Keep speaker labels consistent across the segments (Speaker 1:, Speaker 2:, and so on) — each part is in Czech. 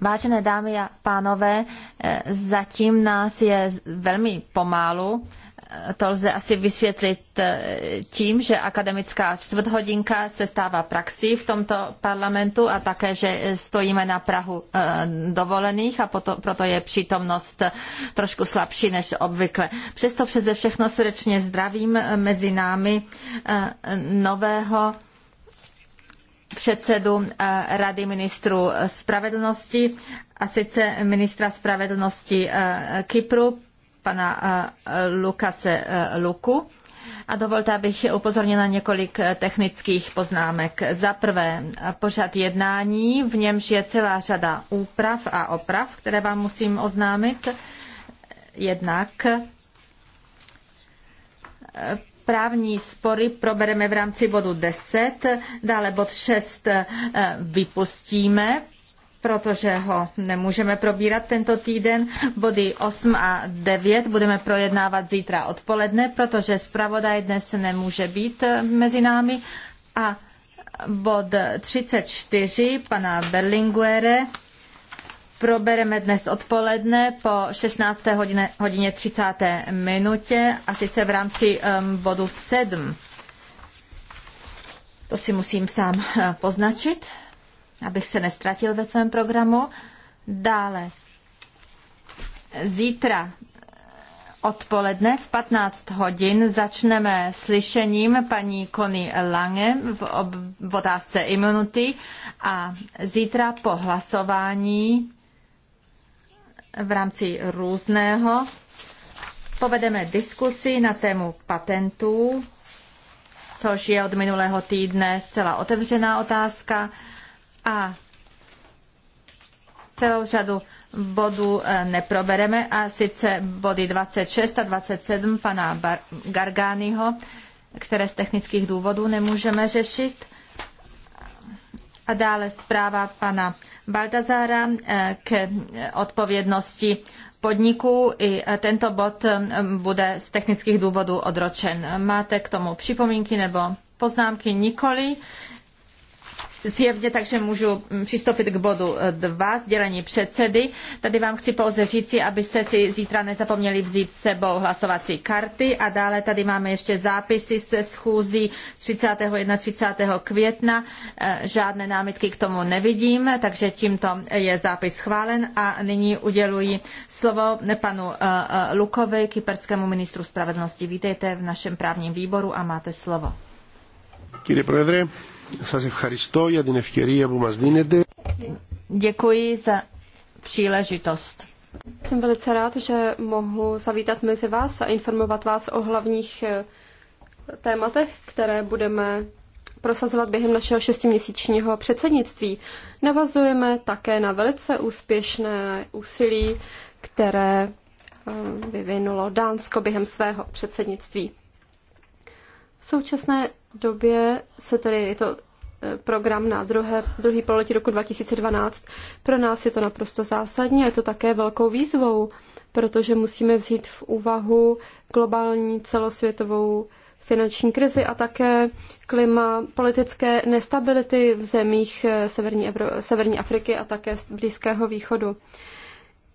Speaker 1: Vážené dámy a pánové, eh, zatím nás je velmi pomálu. Eh, to lze asi vysvětlit eh, tím, že akademická čtvrthodinka se stává praxí v tomto parlamentu a také, že stojíme na Prahu dovolených a proto, proto je přítomnost trošku slabší než obvykle. Přesto přeze všechno srdečně zdravím mezi námi nového předsedu eh, Rady ministrů spravedlnosti, a sice ministra spravedlnosti eh, Kypru, pana eh, Lukase Luku. A dovolte, abych upozornila několik technických poznámek. Za prvé, pořad jednání, v němž je celá řada úprav a oprav, které vám musím oznámit. Jednak Právní spory probereme v rámci bodu 10, dále bod 6 eh, vypustíme, protože ho nemůžeme probírat tento týden. Body 8 a 9 budeme projednávat zítra odpoledne, protože zpravodaj dnes nemůže být eh, mezi námi. A bod 34 pana Berlinguere probereme dnes odpoledne po 16. hodině, hodině 30. minutě a sice v rámci um, bodu 7. To si musím sám eh, poznačit, abych se nestratil ve svém programu. Dále zítra eh, odpoledne v 15 hodin začneme slyšením paní Kony Lange v, ob, v otázce imunity a zítra po hlasování v rámci různého povedeme diskusi na tému patentů, což je od minulého týdne zcela otevřená otázka a celou řadu bodů eh, neprobereme a sice body 26 a 27 pana Bar- Garganiho, které z technických důvodů nemůžeme řešit. A dále zpráva pana Baltazára eh, k eh, odpovědnosti podniků. I eh, tento bod bude z technických důvodů odročen. Máte k tomu připomínky nebo poznámky nikoli? zjevně, takže můžu mm, přistoupit k bodu 2, e, sdělení předsedy. Tady vám chci pouze říci, abyste si zítra nezapomněli vzít sebou hlasovací karty a dále tady máme ještě zápisy se schůzí 31. 30. května. E, žádné námitky k tomu nevidím, takže tímto je zápis schválen a nyní uděluji slovo panu e, Lukovi, kyperskému ministru spravedlnosti. Vítejte v našem právním výboru a máte slovo.
Speaker 2: Kýry provedry.
Speaker 1: Děkuji za příležitost.
Speaker 2: Jsem velice rád, že mohu zavítat mezi vás a informovat vás o hlavních eh, tématech, které budeme prosazovat během našeho šestiměsíčního předsednictví. Navazujeme také na velice úspěšné úsilí, které eh, vyvinulo Dánsko během svého předsednictví. Současné době se tedy je to e, program na druhé, druhý pololetí roku 2012. Pro nás je to naprosto zásadní a je to také velkou výzvou, protože musíme vzít v úvahu globální celosvětovou finanční krizi a také klima politické nestability v zemích e, Severní, Evro- Severní Afriky a také Blízkého východu.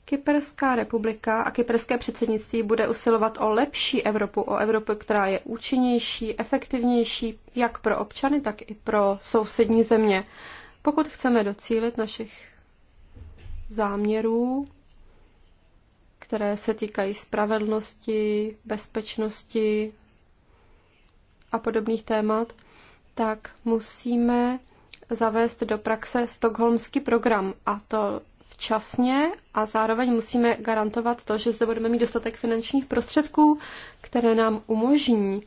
Speaker 2: Kyperská republika a kyperské předsednictví bude usilovat o lepší Evropu, o Evropu, která je účinnější, efektivnější, jak pro občany, tak i pro sousední země. Pokud chceme docílit našich záměrů, které se týkají spravedlnosti, bezpečnosti a podobných témat, tak musíme zavést do praxe stokholmský program a to včasně a zároveň musíme garantovat to, že zde budeme mít dostatek finančních prostředků, které nám umožní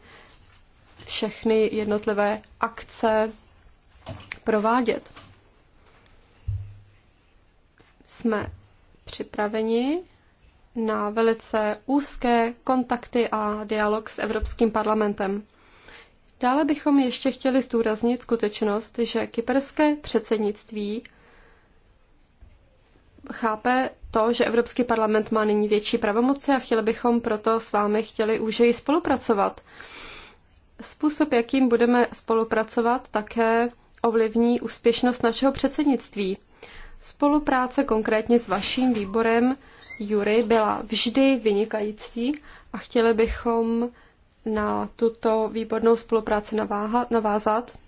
Speaker 2: všechny jednotlivé akce provádět. Jsme připraveni na velice úzké kontakty a dialog s Evropským parlamentem. Dále bychom ještě chtěli zdůraznit skutečnost, že kyperské předsednictví chápe to, že Evropský parlament má nyní větší pravomoci a chtěli bychom proto s vámi chtěli už i spolupracovat. Způsob, jakým budeme spolupracovat, také ovlivní úspěšnost našeho předsednictví. Spolupráce konkrétně s vaším výborem Jury byla vždy vynikající a chtěli bychom na tuto výbornou spolupráci naváhat, navázat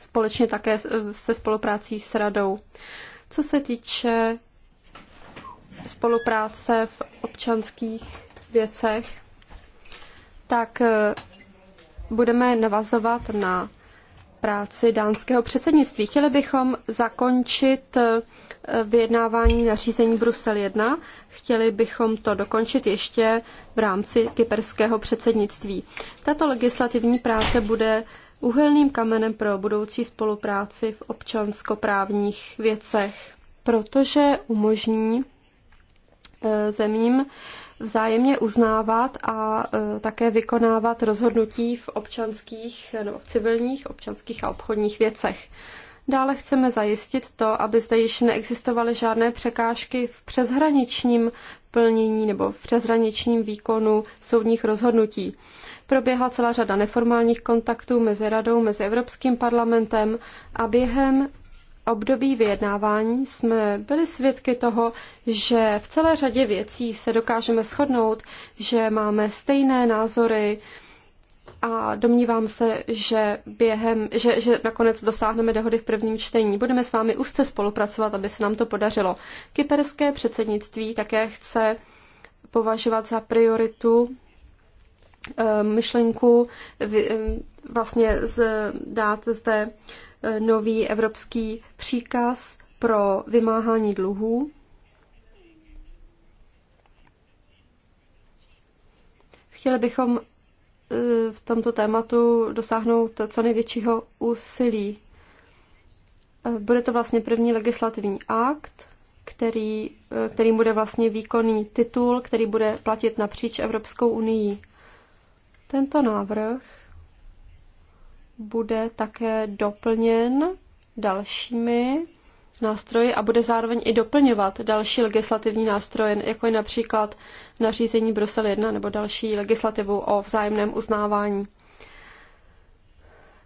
Speaker 2: společně také se spoluprácí s radou. Co se týče spolupráce v občanských věcech, tak e, budeme navazovat na práci dánského předsednictví. Chtěli bychom zakončit e, vyjednávání nařízení Brusel 1. Chtěli bychom to dokončit ještě v rámci kyperského předsednictví. Tato legislativní práce bude uhelným kamenem pro budoucí spolupráci v občanskoprávních věcech, protože umožní e, zemím vzájemně uznávat a e, také vykonávat rozhodnutí v občanských nebo v civilních, občanských a obchodních věcech. Dále chceme zajistit to, aby zde již neexistovaly žádné překážky v přeshraničním plnění nebo v přeshraničním výkonu soudních rozhodnutí. Proběhla celá řada neformálních kontaktů mezi radou, mezi Evropským parlamentem a během období vyjednávání jsme byli svědky toho, že v celé řadě věcí se dokážeme shodnout, že máme stejné názory a domnívám se, že, během, že, že nakonec dosáhneme dohody v prvním čtení. Budeme s vámi úzce spolupracovat, aby se nám to podařilo. Kyperské předsednictví také chce považovat za prioritu Eh, myšlenku eh, vlastně dát zde eh, nový evropský příkaz pro vymáhání dluhů. Chtěli bychom v tomto tématu dosáhnout co největšího úsilí. Bude to vlastně první legislativní akt, který, který bude vlastně výkonný titul, který bude platit napříč Evropskou unii. Tento návrh bude také doplněn dalšími nástroji a bude zároveň i doplňovat další legislativní nástroje, jako je například nařízení Brusel 1 nebo další legislativu o vzájemném uznávání.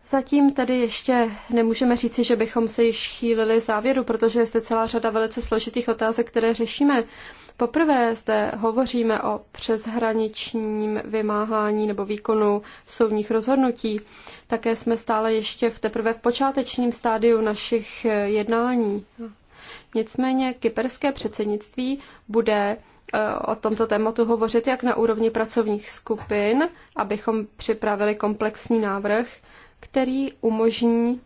Speaker 2: Zatím tedy ještě nemůžeme říci, že bychom se již chýlili závěru, protože je zde celá řada velice složitých otázek, které řešíme. Poprvé zde hovoříme o přeshraničním vymáhání nebo výkonu soudních rozhodnutí. Také jsme stále ještě v teprve v počátečním stádiu našich jednání. Nicméně kyperské předsednictví bude eh, o tomto tématu hovořit jak na úrovni pracovních skupin, abychom připravili komplexní návrh, který umožní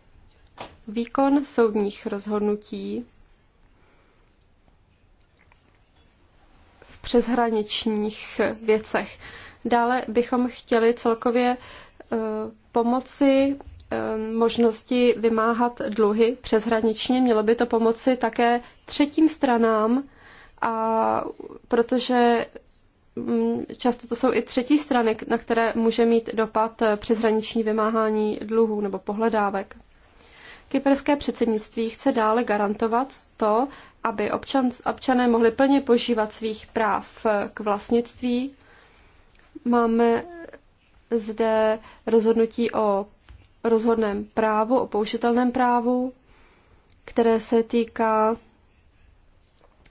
Speaker 2: výkon soudních rozhodnutí přeshraničních věcech. Dále bychom chtěli celkově eh, pomoci eh, možnosti vymáhat dluhy přeshraničně. Mělo by to pomoci také třetím stranám, a protože mm, často to jsou i třetí strany, na které může mít dopad eh, přeshraniční vymáhání dluhů nebo pohledávek. Kyperské předsednictví chce dále garantovat to, aby občan, občané mohli plně požívat svých práv k vlastnictví. Máme zde rozhodnutí o rozhodném právu, o použitelném právu, které se týká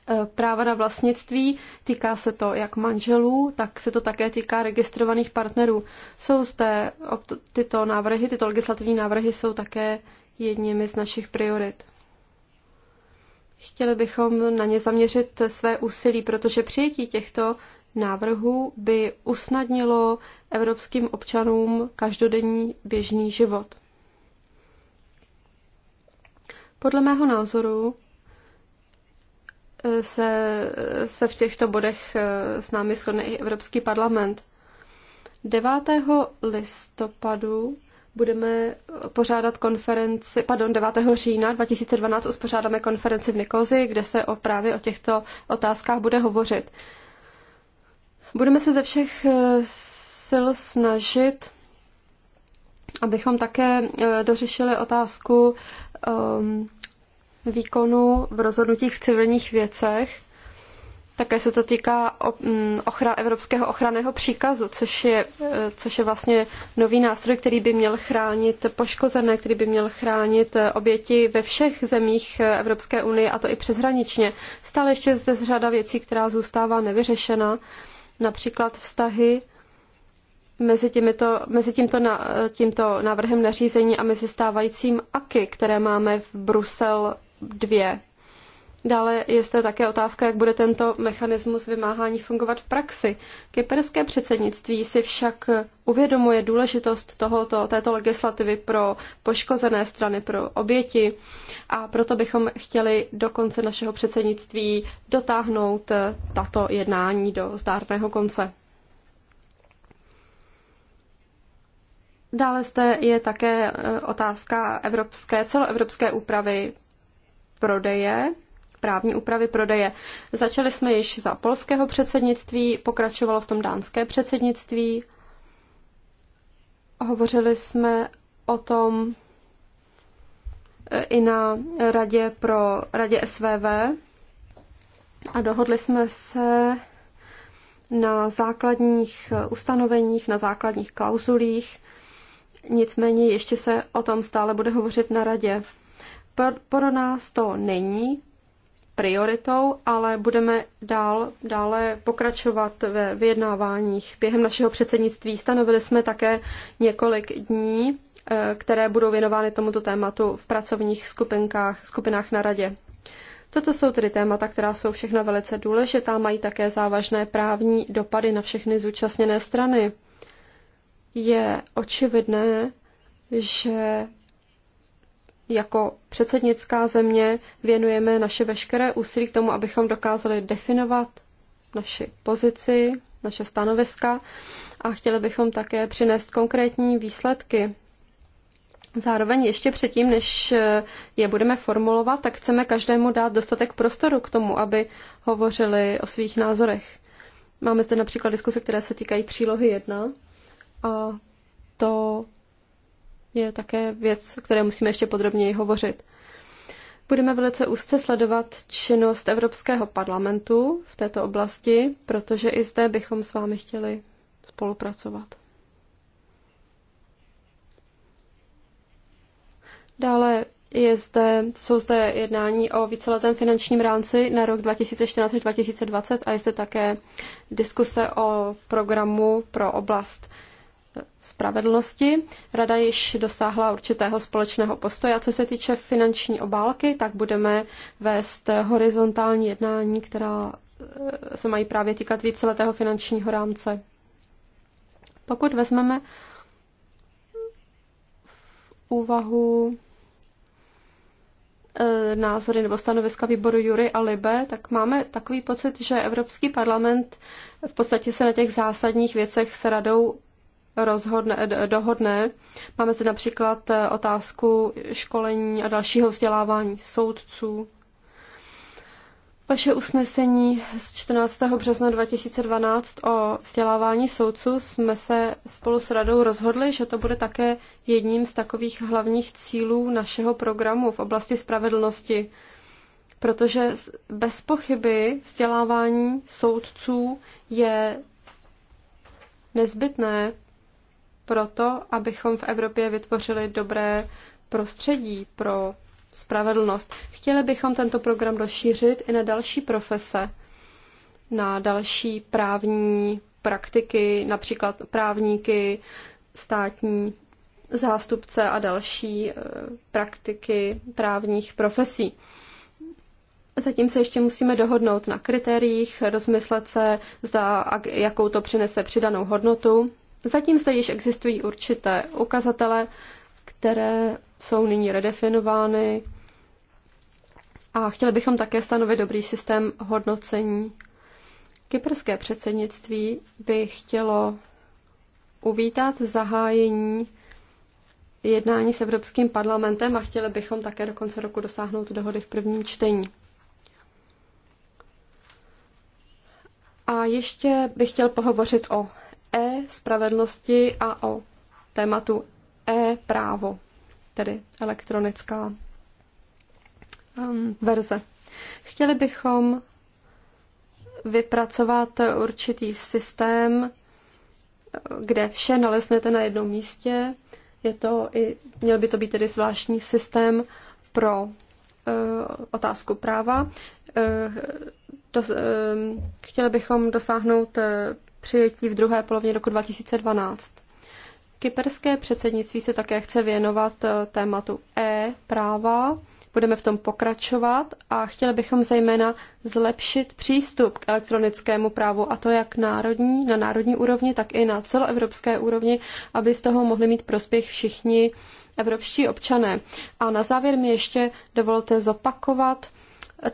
Speaker 2: eh, práva na vlastnictví. Týká se to jak manželů, tak se to také týká registrovaných partnerů. Jsou zde tyto návrhy, tyto legislativní návrhy jsou také jedněmi z našich priorit. Chtěli bychom na ně zaměřit své úsilí, protože přijetí těchto návrhů by usnadnilo evropským občanům každodenní běžný život. Podle mého názoru eh, se, eh, se v těchto bodech eh, s námi shodne i Evropský parlament. 9. listopadu budeme pořádat konferenci, pardon, 9. října 2012 uspořádáme konferenci v Nikozi, kde se o právě o těchto otázkách bude hovořit. Budeme se ze všech eh, sil snažit, abychom také eh, dořešili otázku um, výkonu v rozhodnutích v civilních věcech. Také se to týká mm, ochra, evropského ochranného příkazu, což je, e, což je vlastně nový nástroj, který by měl chránit poškozené, který by měl chránit e, oběti ve všech zemích e, Evropské unie, a to i přeshraničně. Stále ještě zde řada věcí, která zůstává nevyřešena, například vztahy mezi, těmito, mezi tímto, na, tímto návrhem nařízení a mezi stávajícím AKY, které máme v Brusel 2 Dále je zde také otázka, jak bude tento mechanismus vymáhání fungovat v praxi. Kyperské předsednictví si však uvědomuje důležitost tohoto, této legislativy pro poškozené strany, pro oběti a proto bychom chtěli do konce našeho předsednictví dotáhnout eh, tato jednání do zdárného konce. Dále zde je také eh, otázka evropské, celoevropské úpravy prodeje právní úpravy prodeje. Začali jsme již za polského předsednictví, pokračovalo v tom dánské předsednictví. Hovořili jsme o tom eh, i na radě pro radě SVV a dohodli jsme se na základních eh, ustanoveních, na základních klauzulích. Nicméně ještě se o tom stále bude hovořit na radě. Pro nás to není prioritou, ale budeme dál, dále pokračovat ve vyjednáváních. Během našeho předsednictví stanovili jsme také několik dní, eh, které budou věnovány tomuto tématu v pracovních skupinkách, skupinách na radě. Toto jsou tedy témata, která jsou všechna velice důležitá, mají také závažné právní dopady na všechny zúčastněné strany. Je očividné, že jako předsednická země věnujeme naše veškeré úsilí k tomu, abychom dokázali definovat naši pozici, naše stanoviska a chtěli bychom také přinést konkrétní výsledky. Zároveň ještě předtím, než je budeme formulovat, tak chceme každému dát dostatek prostoru k tomu, aby hovořili o svých názorech. Máme zde například diskuse, které se týkají přílohy 1 a to je také věc, o které musíme ještě podrobněji hovořit. Budeme velice úzce sledovat činnost Evropského parlamentu v této oblasti, protože i zde bychom s vámi chtěli spolupracovat. Dále je zde, jsou zde jednání o víceletém finančním rámci na rok 2014 2020 a je zde také diskuse o programu pro oblast spravedlnosti. Rada již dosáhla určitého společného postoje a co se týče finanční obálky, tak budeme vést horizontální jednání, která eh, se mají právě týkat víceletého finančního rámce. Pokud vezmeme v úvahu eh, názory nebo stanoviska výboru Jury a Libe, tak máme takový pocit, že Evropský parlament v podstatě se na těch zásadních věcech s radou rozhodne, dohodne. Máme zde například eh, otázku školení a dalšího vzdělávání soudců. Vaše usnesení z 14. března 2012 o vzdělávání soudců jsme se spolu s radou rozhodli, že to bude také jedním z takových hlavních cílů našeho programu v oblasti spravedlnosti, protože bez pochyby vzdělávání soudců je nezbytné proto, abychom v Evropě vytvořili dobré prostředí pro spravedlnost. Chtěli bychom tento program rozšířit i na další profese, na další právní praktiky, například právníky, státní zástupce a další eh, praktiky právních profesí. Zatím se ještě musíme dohodnout na kritériích, rozmyslet se, zda, jakou to přinese přidanou hodnotu Zatím zde již existují určité ukazatele, které jsou nyní redefinovány a chtěli bychom také stanovit dobrý systém hodnocení. Kyperské předsednictví by chtělo uvítat zahájení jednání s Evropským parlamentem a chtěli bychom také do konce roku dosáhnout dohody v prvním čtení. A ještě bych chtěl pohovořit o e-spravedlnosti a o tématu e-právo, tedy elektronická um, verze. Chtěli bychom vypracovat určitý systém, kde vše naleznete na jednom místě. Je to i, měl by to být tedy zvláštní systém pro uh, otázku práva. Uh, dos, uh, chtěli bychom dosáhnout přijetí v druhé polovině roku 2012. Kyperské předsednictví se také chce věnovat eh, tématu e-práva. Budeme v tom pokračovat a chtěli bychom zejména zlepšit přístup k elektronickému právu, a to jak národní, na národní úrovni, tak i na celoevropské úrovni, aby z toho mohli mít prospěch všichni evropští občané. A na závěr mi ještě dovolte zopakovat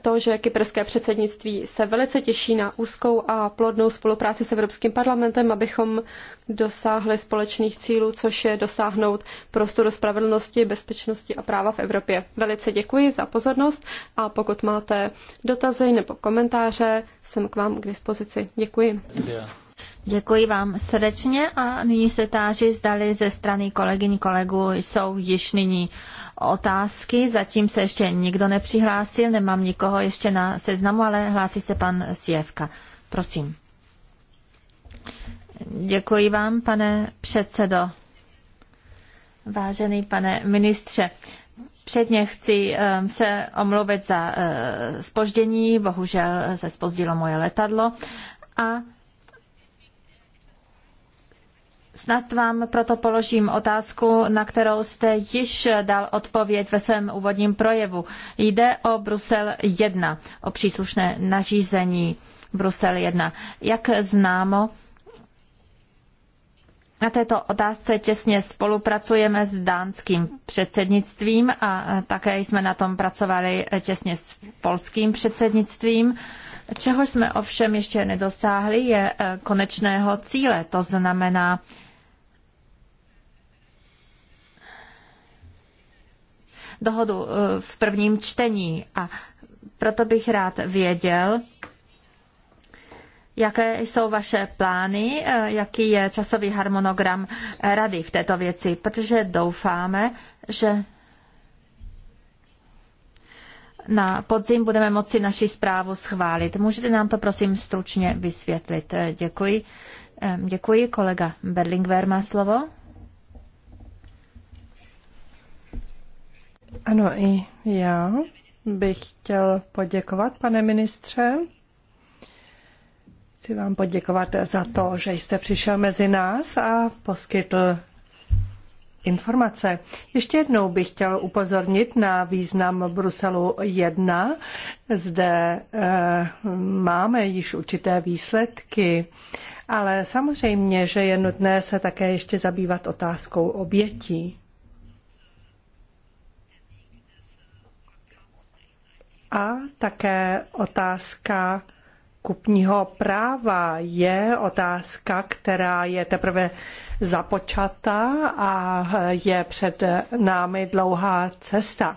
Speaker 2: to, že kyperské předsednictví se velice těší na úzkou a plodnou spolupráci s Evropským parlamentem, abychom dosáhli společných cílů, což je dosáhnout prostoru spravedlnosti, bezpečnosti a práva v Evropě. Velice děkuji za pozornost a pokud máte dotazy nebo komentáře, jsem k vám k dispozici. Děkuji. Yeah. Děkuji vám srdečně
Speaker 1: a nyní se táži, zdali ze strany kolegyň kolegů jsou již nyní otázky. Zatím se ještě nikdo nepřihlásil, nemám nikoho ještě na seznamu, ale hlásí se pan Sjevka. Prosím. Děkuji vám, pane předsedo. Vážený pane ministře, Předně chci eh, se omluvit za spoždění, eh, bohužel se spozdilo moje letadlo a Snad vám proto položím otázku, na kterou jste již dal odpověď ve svém úvodním projevu. Jde o Brusel 1, o příslušné nařízení Brusel 1. Jak známo, na této otázce těsně spolupracujeme s dánským předsednictvím a také jsme na tom pracovali těsně s polským předsednictvím. Čeho jsme ovšem ještě nedosáhli, je eh, konečného cíle. To znamená dohodu eh, v prvním čtení. A proto bych rád věděl, Jaké jsou vaše plány, eh, jaký je časový harmonogram rady v této věci? Protože doufáme, že na podzim budeme moci naši zprávu schválit. Můžete nám to prosím stručně vysvětlit. Eh, děkuji. Děkuji. Kolega
Speaker 3: Berlingwer má slovo. Ano, i já bych chtěl poděkovat, pane ministře. Chci vám poděkovat za to, že jste přišel mezi nás a poskytl informace. Ještě jednou bych chtěl upozornit na význam Bruselu 1. Zde eh, máme již určité výsledky, ale samozřejmě, že je nutné se také ještě zabývat otázkou obětí. A také otázka kupního práva je otázka, která je teprve započata a je před námi dlouhá cesta.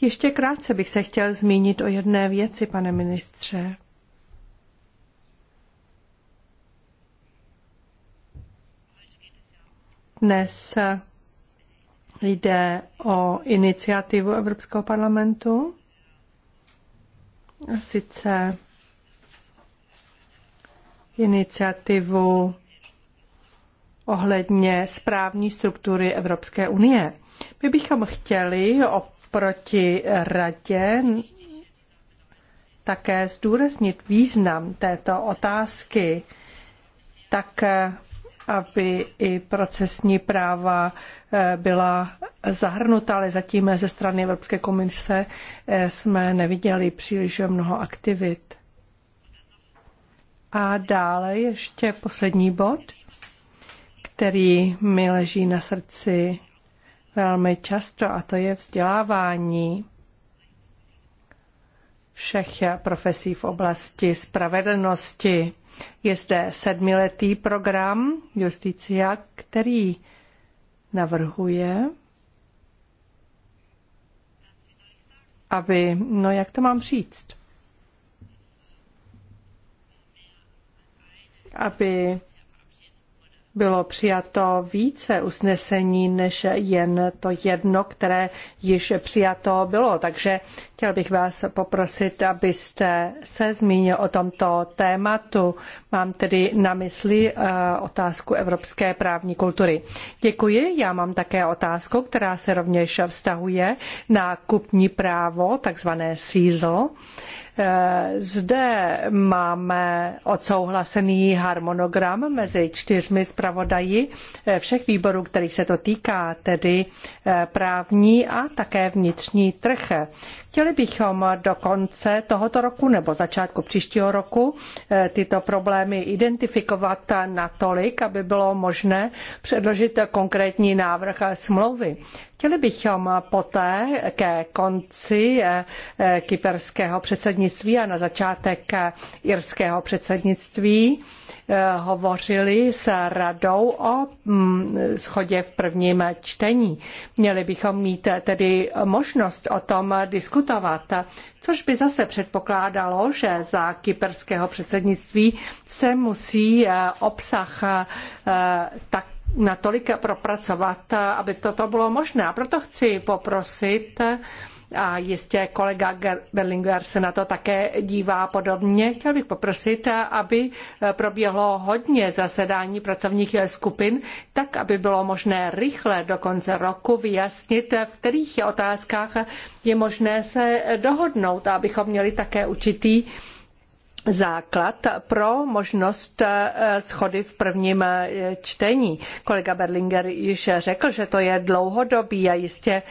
Speaker 3: Ještě krátce bych se chtěl zmínit o jedné věci, pane ministře. Dnes jde o iniciativu Evropského parlamentu, sice iniciativu ohledně správní struktury Evropské unie. My bychom chtěli oproti radě také zdůraznit význam této otázky, tak aby i procesní práva eh, byla zahrnuta, ale zatím ze strany Evropské komise eh, jsme neviděli příliš mnoho aktivit. A dále ještě poslední bod který mi leží na srdci velmi často, a to je vzdělávání všech profesí v oblasti spravedlnosti. Je zde sedmiletý program Justicia, který navrhuje, aby, no jak to mám říct, aby bylo přijato více usnesení než jen to jedno, které již přijato bylo. Takže chtěl bych vás poprosit, abyste se zmínil o tomto tématu. Mám tedy na mysli eh, otázku evropské právní kultury. Děkuji. Já mám také otázku, která se rovněž vztahuje na kupní právo, takzvané CISL. Zde máme odsouhlasený harmonogram mezi čtyřmi zpravodaji všech výborů, kterých se to týká, tedy eh, právní a také vnitřní trh. Chtěli bychom do konce tohoto roku nebo začátku příštího roku eh, tyto problémy identifikovat natolik, aby bylo možné předložit konkrétní návrh smlouvy. Chtěli bychom poté ke konci eh, eh, kyperského předsednictví a na začátek irského předsednictví hovořili s radou o mm, schodě v prvním čtení. Měli bychom mít tedy možnost o tom diskutovat diskutovat, což by zase předpokládalo, že za kyperského předsednictví se musí eh, obsah eh, tak natolik propracovat, eh, aby toto bylo možné. A proto chci poprosit a jistě kolega Berlinger se na to také dívá podobně. Chtěl bych poprosit, aby proběhlo hodně zasedání pracovních skupin, tak aby bylo možné rychle do konce roku vyjasnit, v kterých otázkách je možné se dohodnout a abychom měli také určitý základ pro možnost eh, schody v prvním eh, čtení. Kolega Berlinger již řekl, že to je dlouhodobý a jistě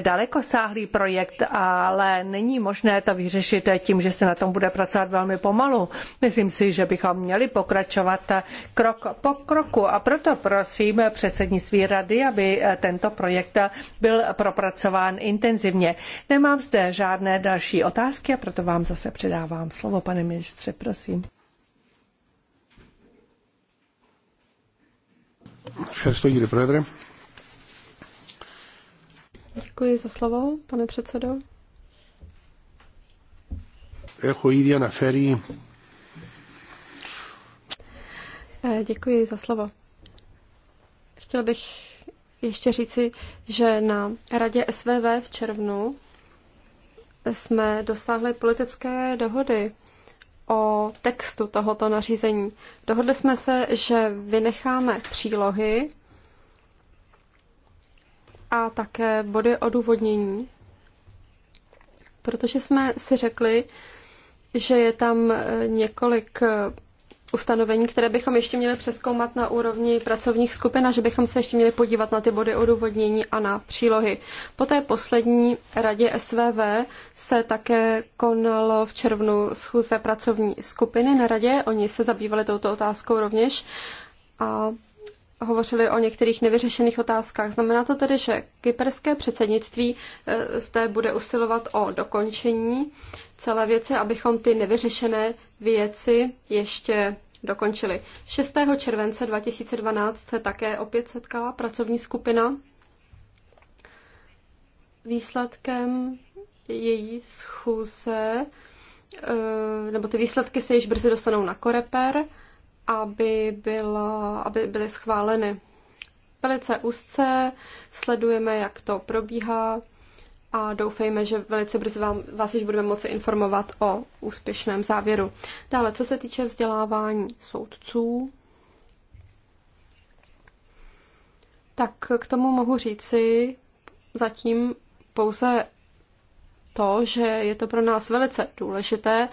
Speaker 3: dalekosáhlý projekt, ale není možné to vyřešit tím, že se na tom bude pracovat velmi pomalu. Myslím si, že bychom měli pokračovat eh, krok po kroku a proto prosím předsednictví rady, aby tento projekt byl propracován intenzivně. Nemám zde žádné další otázky a proto vám zase předávám slovo, pane ministře ministře, prosím.
Speaker 2: Děkuji za slovo, pane předsedo. Eh, děkuji za slovo. Chtěl bych ještě říci, že na radě SVV v červnu jsme dosáhli politické dohody o textu tohoto nařízení. Dohodli jsme se, že vynecháme přílohy a také body odůvodnění, protože jsme si řekli, že je tam eh, několik ustanovení, které bychom ještě měli přeskoumat na úrovni pracovních skupin a že bychom se ještě měli podívat na ty body odůvodnění a na přílohy. Po té poslední radě SVV se také konalo v červnu schůze pracovní skupiny na radě. Oni se zabývali touto otázkou rovněž a hovořili o některých nevyřešených otázkách. Znamená to tedy, že kyperské předsednictví eh, zde bude usilovat o dokončení celé věci, abychom ty nevyřešené věci ještě dokončili. 6. července 2012 se také opět setkala pracovní skupina. Výsledkem její schůze, eh, nebo ty výsledky se již brzy dostanou na koreper, aby, byla, aby byly schváleny. Velice úzce sledujeme, jak to probíhá a doufejme, že velice brzy vám, vás již budeme moci informovat o úspěšném závěru. Dále, co se týče vzdělávání soudců, tak k tomu mohu říci zatím pouze to, že je to pro nás velice důležité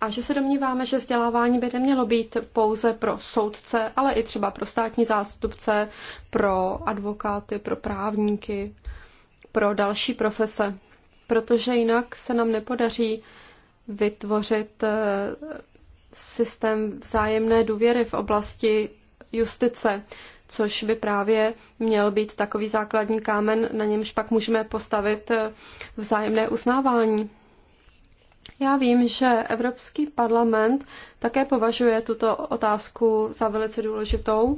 Speaker 2: a že se domníváme, že vzdělávání by nemělo být pouze pro soudce, ale i třeba pro státní zástupce, pro advokáty, pro právníky pro další profese, protože jinak se nám nepodaří vytvořit eh, systém vzájemné důvěry v oblasti justice, což by právě měl být takový základní kámen, na němž pak můžeme postavit eh, vzájemné uznávání. Já vím, že Evropský parlament také považuje tuto otázku za velice důležitou.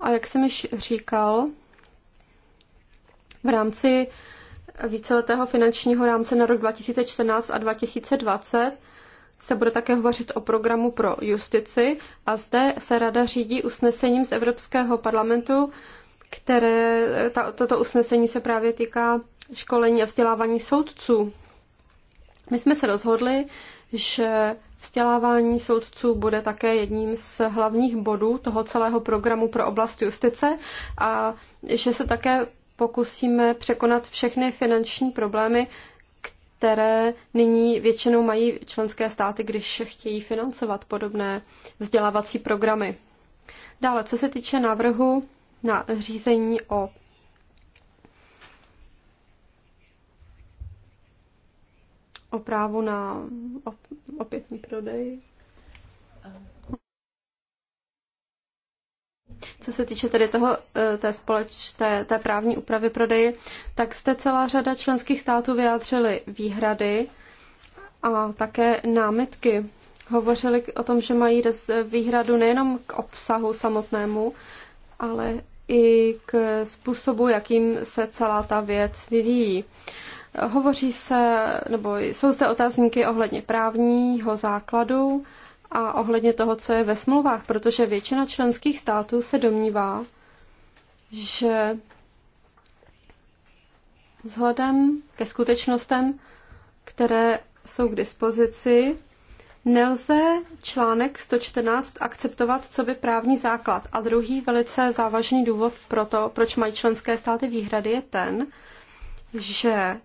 Speaker 2: A jak jsem již říkal, v rámci víceletého finančního rámce na rok 2014 a 2020 se bude také hovořit o programu pro justici a zde se rada řídí usnesením z Evropského parlamentu, které ta, toto usnesení se právě týká školení a vzdělávání soudců. My jsme se rozhodli, že vzdělávání soudců bude také jedním z hlavních bodů toho celého programu pro oblast justice a že se také pokusíme překonat všechny finanční problémy, které nyní většinou mají členské státy, když chtějí financovat podobné vzdělávací programy. Dále, co se týče návrhu na řízení o o právu na opětní prodej. Co se týče tedy toho, eh, té, společ, té, té právní úpravy prodeji, tak jste celá řada členských států vyjádřili výhrady a také námitky. Hovořili o tom, že mají výhradu nejenom k obsahu samotnému, ale i k způsobu, jakým se celá ta věc vyvíjí. Hovoří se, nebo jsou zde otázníky ohledně právního základu, a ohledně toho, co je ve smlouvách, protože většina členských států se domnívá, že vzhledem ke skutečnostem, které jsou k dispozici, nelze článek 114 akceptovat co by právní základ. A druhý velice závažný důvod pro to, proč mají členské státy výhrady, je ten, že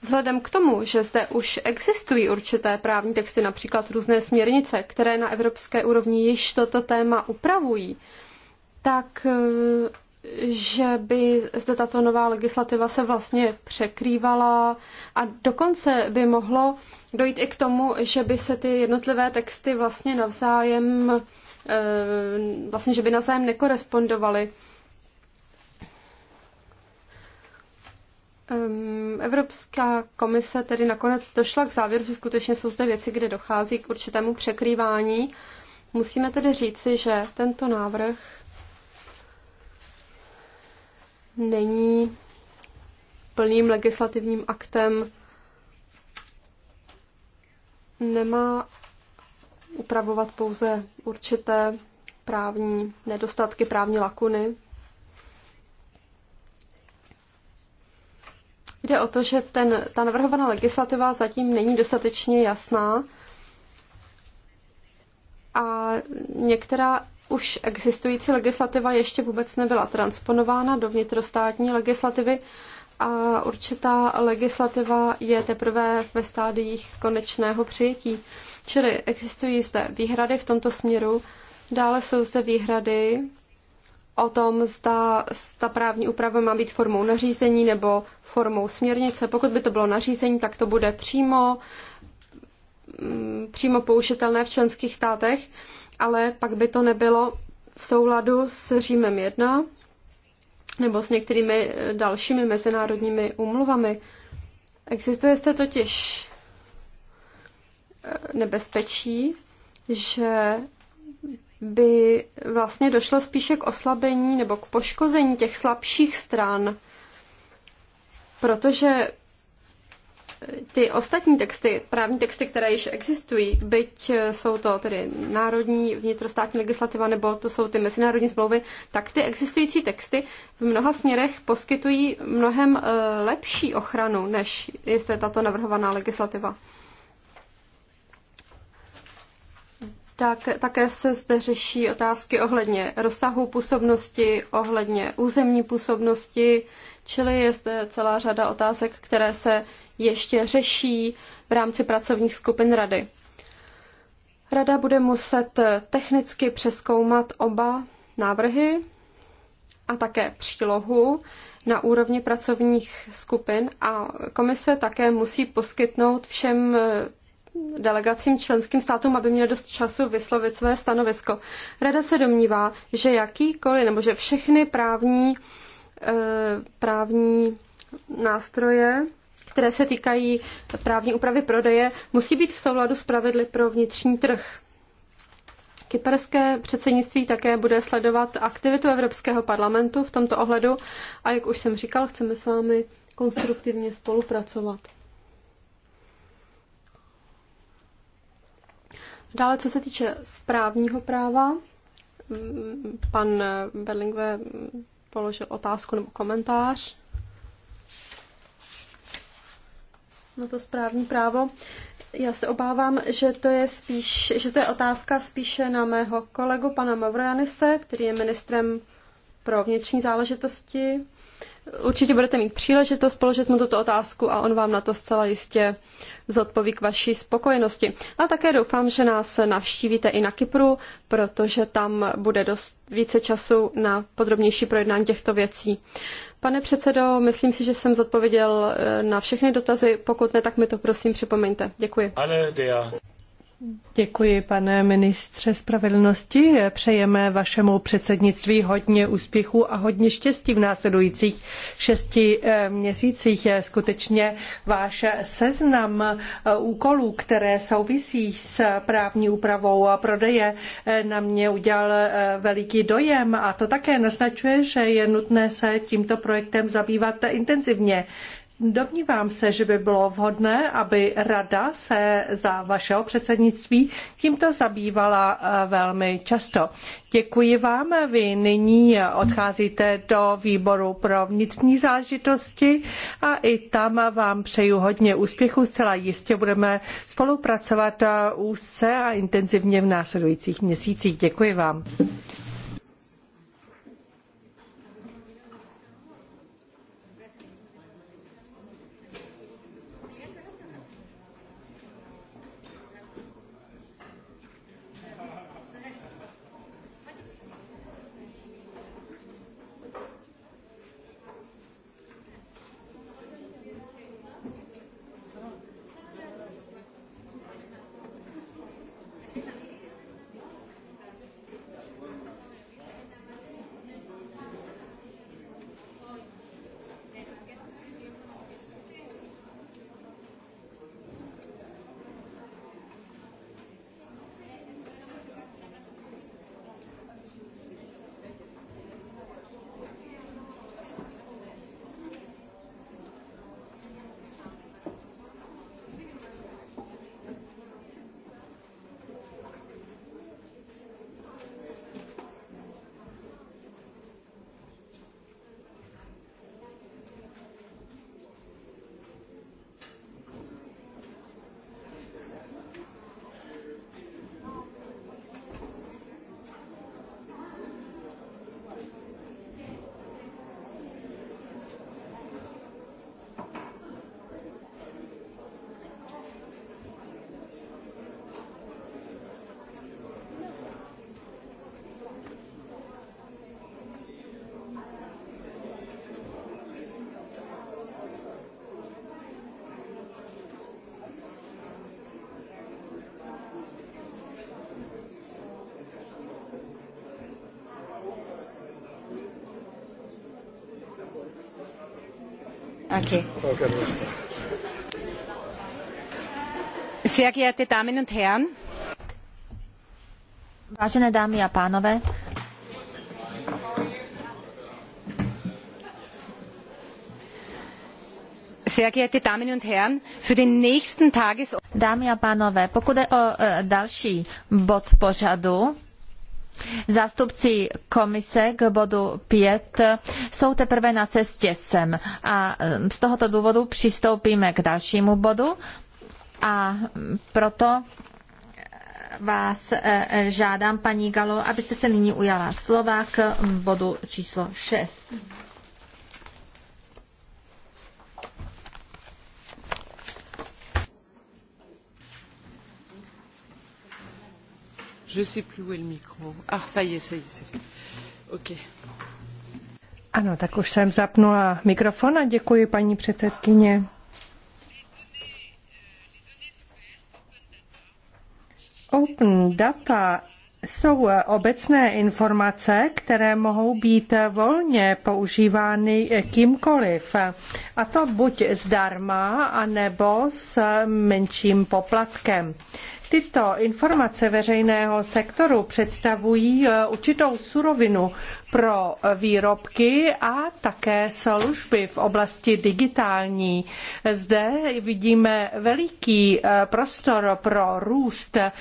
Speaker 2: Vzhledem k tomu, že zde už existují určité právní texty, například různé směrnice, které na evropské úrovni již toto téma upravují, tak e, že by zde tato nová legislativa se vlastně překrývala a dokonce by mohlo dojít i k tomu, že by se ty jednotlivé texty vlastně navzájem, e, vlastně, že by navzájem nekorespondovaly. Ehm, Evropská komise tedy nakonec došla k závěru, že skutečně jsou zde věci, kde dochází k určitému překrývání. Musíme tedy říci, že tento návrh není plným legislativním aktem, nemá upravovat pouze určité právní nedostatky, právní lakuny Jde o to, že ten, ta navrhovaná legislativa zatím není dostatečně jasná a některá už existující legislativa ještě vůbec nebyla transponována do vnitrostátní legislativy a určitá legislativa je teprve ve stádiích konečného přijetí. Čili existují zde výhrady v tomto směru, dále jsou zde výhrady o tom, zda ta právní úprava má být formou nařízení nebo formou směrnice. Pokud by to bylo nařízení, tak to bude přímo, mm, přímo použitelné v členských státech, ale pak by to nebylo v souladu s Římem 1 nebo s některými eh, dalšími mezinárodními úmluvami. Existuje zde totiž eh, nebezpečí, že by vlastně došlo spíše k oslabení nebo k poškození těch slabších stran, protože ty ostatní texty, právní texty, které již existují, byť jsou to tedy národní vnitrostátní legislativa nebo to jsou ty mezinárodní smlouvy, tak ty existující texty v mnoha směrech poskytují mnohem eh, lepší ochranu, než jestli tato navrhovaná legislativa. tak také se zde řeší otázky ohledně rozsahu působnosti, ohledně územní působnosti, čili je zde celá řada otázek, které se ještě řeší v rámci pracovních skupin rady. Rada bude muset technicky přeskoumat oba návrhy a také přílohu na úrovni pracovních skupin a komise také musí poskytnout všem delegacím členským státům, aby měl dost času vyslovit své stanovisko. Rada se domnívá, že jakýkoliv, nebo že všechny právní, e, právní nástroje, které se týkají právní úpravy prodeje, musí být v souladu s pravidly pro vnitřní trh. Kyperské předsednictví také bude sledovat aktivitu Evropského parlamentu v tomto ohledu a jak už jsem říkal, chceme s vámi konstruktivně spolupracovat. Dále, co se týče správního práva, pan Berlingve položil otázku nebo komentář na to správní právo. Já se obávám, že to je, spíš, že to je otázka spíše na mého kolegu, pana Mavrojanise, který je ministrem pro vnitřní záležitosti Určitě budete mít příležitost položit mu tuto otázku a on vám na to zcela jistě zodpoví k vaší spokojenosti. A také doufám, že nás navštívíte i na Kypru, protože tam bude dost více času na podrobnější projednání těchto věcí. Pane předsedo, myslím si, že jsem zodpověděl eh, na všechny dotazy. Pokud ne, tak mi to prosím připomeňte. Děkuji. Děkuji, pane
Speaker 3: ministře spravedlnosti. Přejeme vašemu předsednictví hodně úspěchů a hodně štěstí v následujících šesti eh, měsících. Skutečně váš seznam eh, úkolů, které souvisí s právní úpravou prodeje, eh, na mě udělal veliký dojem a to také naznačuje, že je nutné se tímto projektem zabývat intenzivně. Domnívám se, že by bylo vhodné, aby rada se za vašeho předsednictví tímto zabývala eh, velmi často. Děkuji vám. Vy nyní odcházíte do výboru pro vnitřní záležitosti a i tam vám přeju hodně úspěchů. Zcela jistě budeme spolupracovat úzce eh, a intenzivně v následujících měsících. Děkuji vám. Okay. Sehr geehrte Damen und Herren.
Speaker 1: Vážené dámy a pánové, Sehr geehrte Damen und Herren, für den nächsten Dámy a pánové, pokud je o e, další bod pořadu, Zástupci komise k bodu 5 jsou teprve na cestě sem. A eh, z tohoto důvodu přistoupíme k dalšímu bodu a mm, proto eh, vás eh, žádám, paní Galo, abyste se nyní ujala slova k mm, bodu číslo 6.
Speaker 3: Je sais plus où est le micro. Ah, ça y est, ça y est, c'est fait. OK. Ano, tak už jsem zapnula mikrofon a děkuji paní předsedkyně. Open data jsou obecné informace, které mohou být volně používány kýmkoliv. A to buď zdarma, anebo s menším poplatkem. Tyto informace veřejného sektoru představují určitou surovinu pro výrobky a také služby v oblasti digitální. Zde vidíme veliký eh, prostor pro růst, eh,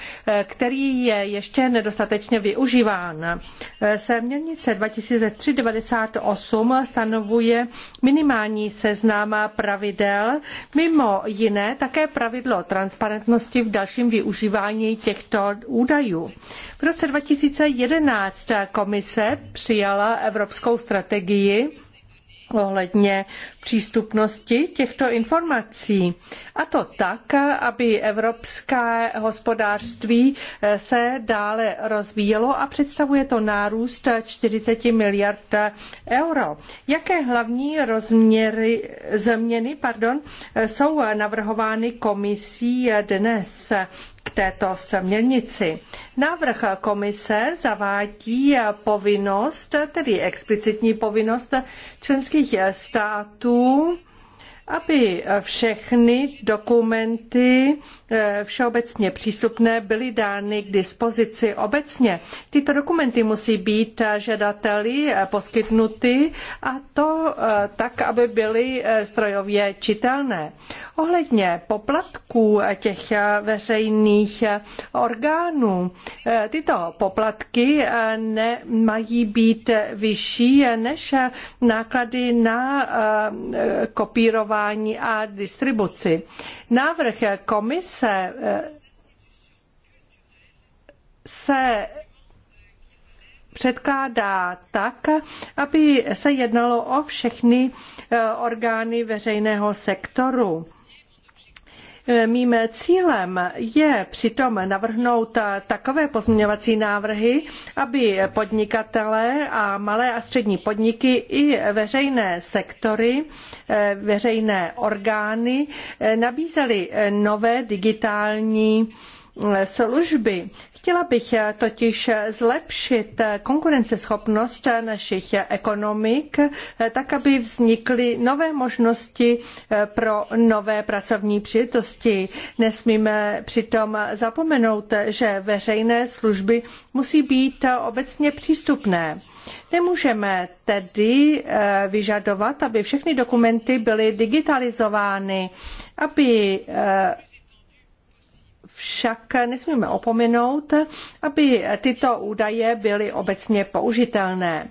Speaker 3: který je ještě nedostatečně využíván. Eh, směrnice 2398 stanovuje minimální seznam pravidel, mimo jiné také pravidlo transparentnosti v dalším využívání těchto údajů. V roce 2011 komise při přijala evropskou strategii ohledně přístupnosti těchto informací. A to tak, aby evropské hospodářství eh, se dále rozvíjelo a představuje to nárůst 40 miliard euro. Jaké hlavní rozměry, změny pardon, eh, jsou navrhovány komisí dnes? této směrnici. Návrh komise zavádí povinnost, tedy explicitní povinnost členských států aby všechny dokumenty E, všeobecně přístupné byly dány k dispozici obecně. Tyto dokumenty musí být žadateli e, poskytnuty a to e, tak, aby byly strojově čitelné. Ohledně poplatků těch veřejných orgánů, tyto poplatky nemají být vyšší než náklady na kopírování a distribuci. Návrh komise eh, se předkládá tak, aby se jednalo o všechny eh, orgány veřejného sektoru. Mým cílem je přitom navrhnout takové pozměňovací návrhy, aby podnikatelé a malé a střední podniky i veřejné sektory, eh, veřejné orgány eh, nabízely nové digitální služby. Chtěla bych totiž zlepšit konkurenceschopnost našich ekonomik, tak aby vznikly nové možnosti pro nové pracovní příležitosti. Nesmíme přitom zapomenout, že veřejné služby musí být obecně přístupné. Nemůžeme tedy eh, vyžadovat, aby všechny dokumenty byly digitalizovány, aby eh, však nesmíme opominout, aby tyto údaje byly obecně použitelné.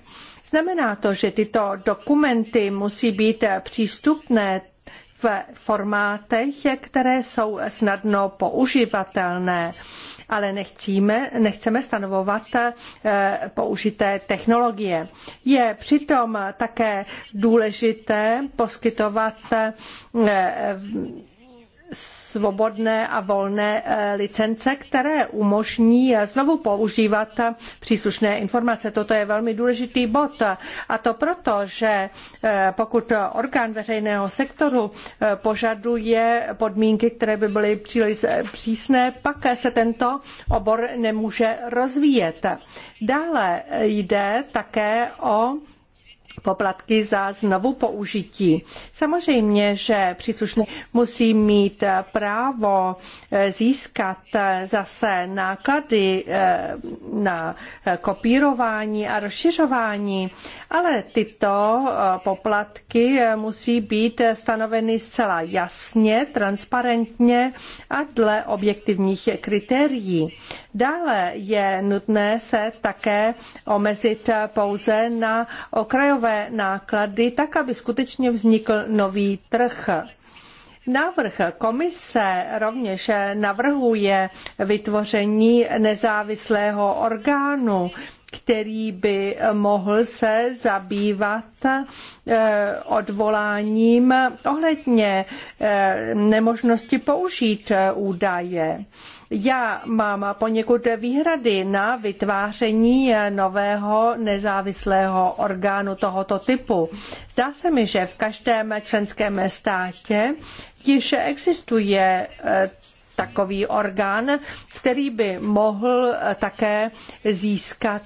Speaker 3: Znamená to, že tyto dokumenty musí být přístupné v formátech, které jsou snadno používatelné, ale nechcíme, nechceme stanovovat eh, použité technologie. Je přitom také důležité poskytovat eh, svobodné a volné eh, licence, které umožní eh, znovu používat eh, příslušné informace. Toto je velmi důležitý bod a to proto, že pokud orgán veřejného sektoru požaduje podmínky, které by byly příliš přísné, pak se tento obor nemůže rozvíjet. Dále jde také o poplatky za znovu použití. Samozřejmě, že příslušný musí mít právo eh, získat eh, zase náklady eh, na kopírování a rozšiřování, ale tyto poplatky musí být stanoveny zcela jasně, transparentně a dle objektivních kritérií. Dále je nutné se také omezit pouze na okrajové náklady, tak aby skutečně vznikl nový trh. Návrh komise rovněž navrhuje vytvoření nezávislého orgánu, který by mohl se zabývat eh, odvoláním ohledně eh, nemožnosti použít eh, údaje. Já mám poněkud výhrady na vytváření nového nezávislého orgánu tohoto typu. Zdá se mi, že v každém členském státě již existuje takový orgán, který by mohl také získat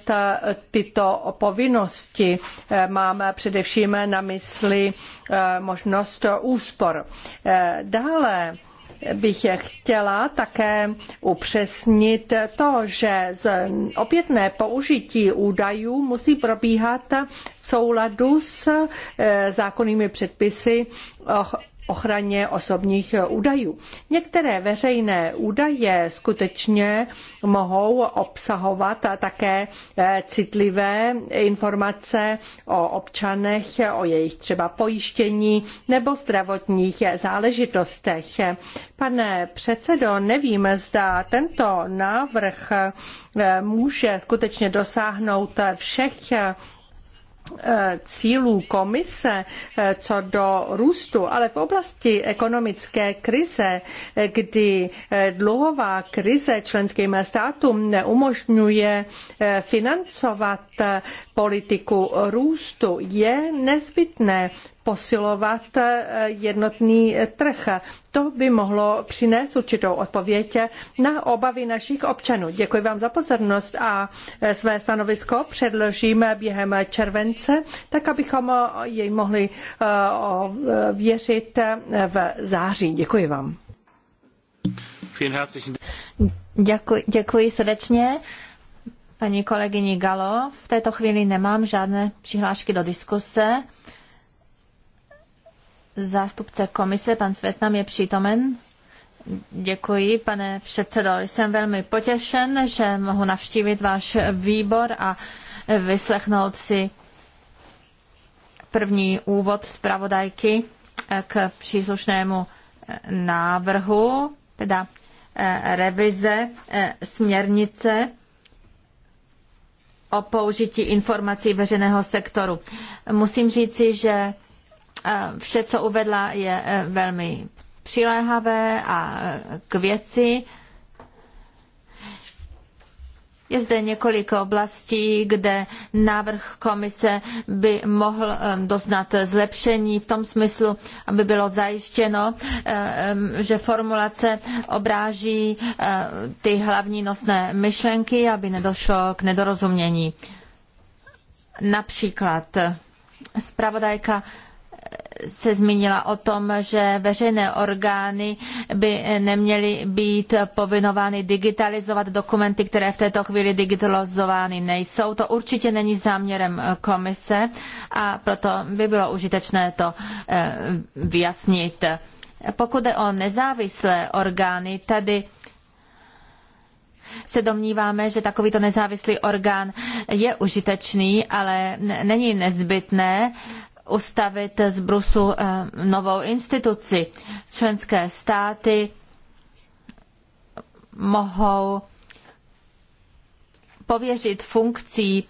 Speaker 3: tyto povinnosti. Mám především na mysli eh, možnost úspor. Eh, dále bych chtěla také upřesnit to, že z opětné použití údajů musí probíhat v souladu s eh, zákonnými předpisy o ochraně osobních údajů. Některé veřejné údaje skutečně mohou obsahovat také eh, citlivé informace o občanech, o jejich třeba pojištění nebo zdravotních záležitostech. Pane předsedo, nevím, zda tento návrh eh, může skutečně dosáhnout všech eh, Eh, cílů komise eh, co do růstu, ale v oblasti ekonomické krize, eh, kdy dluhová krize členským státům neumožňuje financovat politiku růstu, je nezbytné posilovat eh, jednotný trh. To by mohlo přinést určitou odpověď na obavy našich občanů. Děkuji vám za pozornost a eh, své stanovisko předložíme během července, tak abychom eh, jej mohli věřit v září. Děkuji vám. Děkuji, děkuji srdečně
Speaker 1: paní kolegyni Galo. V této chvíli nemám žádné přihlášky do diskuse. Zástupce komise, pan Svetnam, je přítomen. Děkuji, pane předsedo. Jsem velmi potěšen, že mohu navštívit váš výbor a vyslechnout si první úvod zpravodajky k příslušnému návrhu, teda eh, revize eh, směrnice o použití informací veřejného sektoru. Musím říci, že eh, vše, co uvedla, je eh, velmi přiléhavé a eh, k věci je zde několik oblastí, kde návrh komise by mohl doznat zlepšení v tom smyslu, aby bylo zajištěno, že formulace obráží ty hlavní nosné myšlenky, aby nedošlo k nedorozumění. Například zpravodajka se zmínila o tom, že veřejné orgány by neměly být povinovány digitalizovat dokumenty, které v této chvíli digitalizovány nejsou. To určitě není záměrem komise a proto by bylo užitečné to eh, vyjasnit. Pokud jde o nezávislé orgány, tady se domníváme, že takovýto nezávislý orgán je užitečný, ale není nezbytné ustavit z Brusu eh, novou instituci. Členské státy mohou pověřit funkcí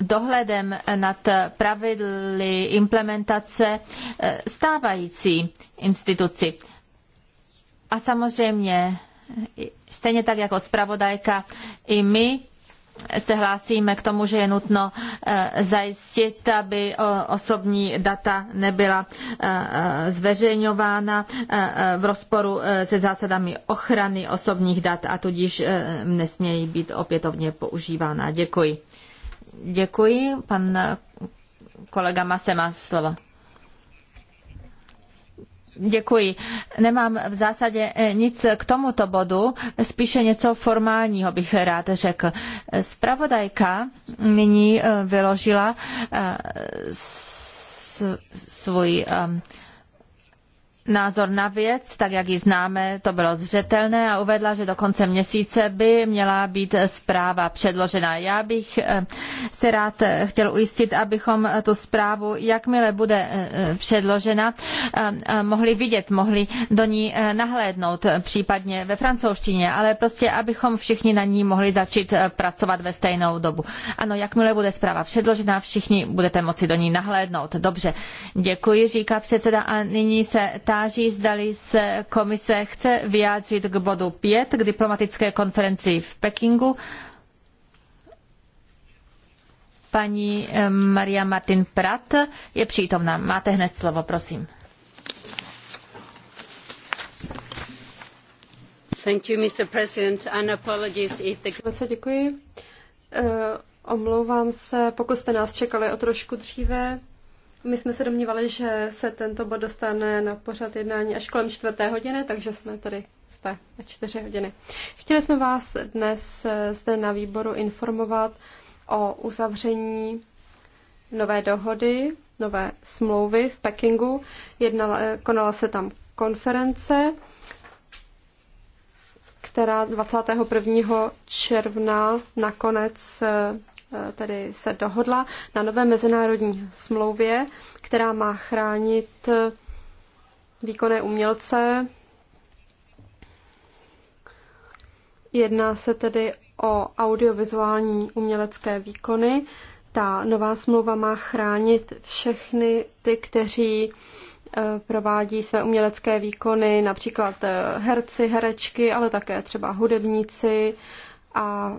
Speaker 1: dohledem nad pravidly implementace eh, stávající instituci. A samozřejmě, stejně tak jako zpravodajka, i my se hlásíme k tomu, že je nutno eh, zajistit, aby eh, osobní data nebyla eh, zveřejňována v rozporu se zásadami ochrany osobních dat a tudíž nesmějí být opětovně používána. Děkuji. Děkuji. Pan kolega Mase Děkuji. Nemám v zásadě eh, nic k tomuto bodu, spíše něco formálního bych rád řekl. Spravodajka nyní eh, vyložila eh, svůj názor na věc, tak jak ji známe, to bylo zřetelné a uvedla, že do konce měsíce by měla být zpráva předložena. Já bych eh, se rád eh, chtěl ujistit, abychom eh, tu zprávu, jakmile bude předložena, mohli vidět, mohli do ní nahlédnout, případně ve francouzštině, ale prostě, abychom všichni na ní mohli začít pracovat ve stejnou dobu. Ano, jakmile bude zpráva předložena, všichni budete moci do ní nahlédnout. Dobře, děkuji, říká předseda a nyní se ta táží, zdali se komise chce vyjádřit k bodu 5 k diplomatické konferenci v Pekingu. Paní Maria Martin Prat je přítomná. Máte hned slovo, prosím.
Speaker 2: Thank you, Mr. President, apologies if the... Děkuji. Uh, omlouvám se, pokud jste nás čekali o trošku dříve. My jsme se domnívali, že se tento bod dostane na pořad jednání až kolem čtvrté hodiny, takže jsme tady jste na čtyři hodiny. Chtěli jsme vás dnes eh, zde na výboru informovat o uzavření nové dohody, nové smlouvy v Pekingu. Jednala, eh, konala se tam konference, která 21. června nakonec eh, Eh, tedy se dohodla na nové mezinárodní smlouvě, která má chránit eh, výkonné umělce. Jedná se tedy o audiovizuální umělecké výkony. Ta nová smlouva má chránit všechny ty, kteří eh, provádí své umělecké výkony, například herci, herečky, ale také třeba hudebníci a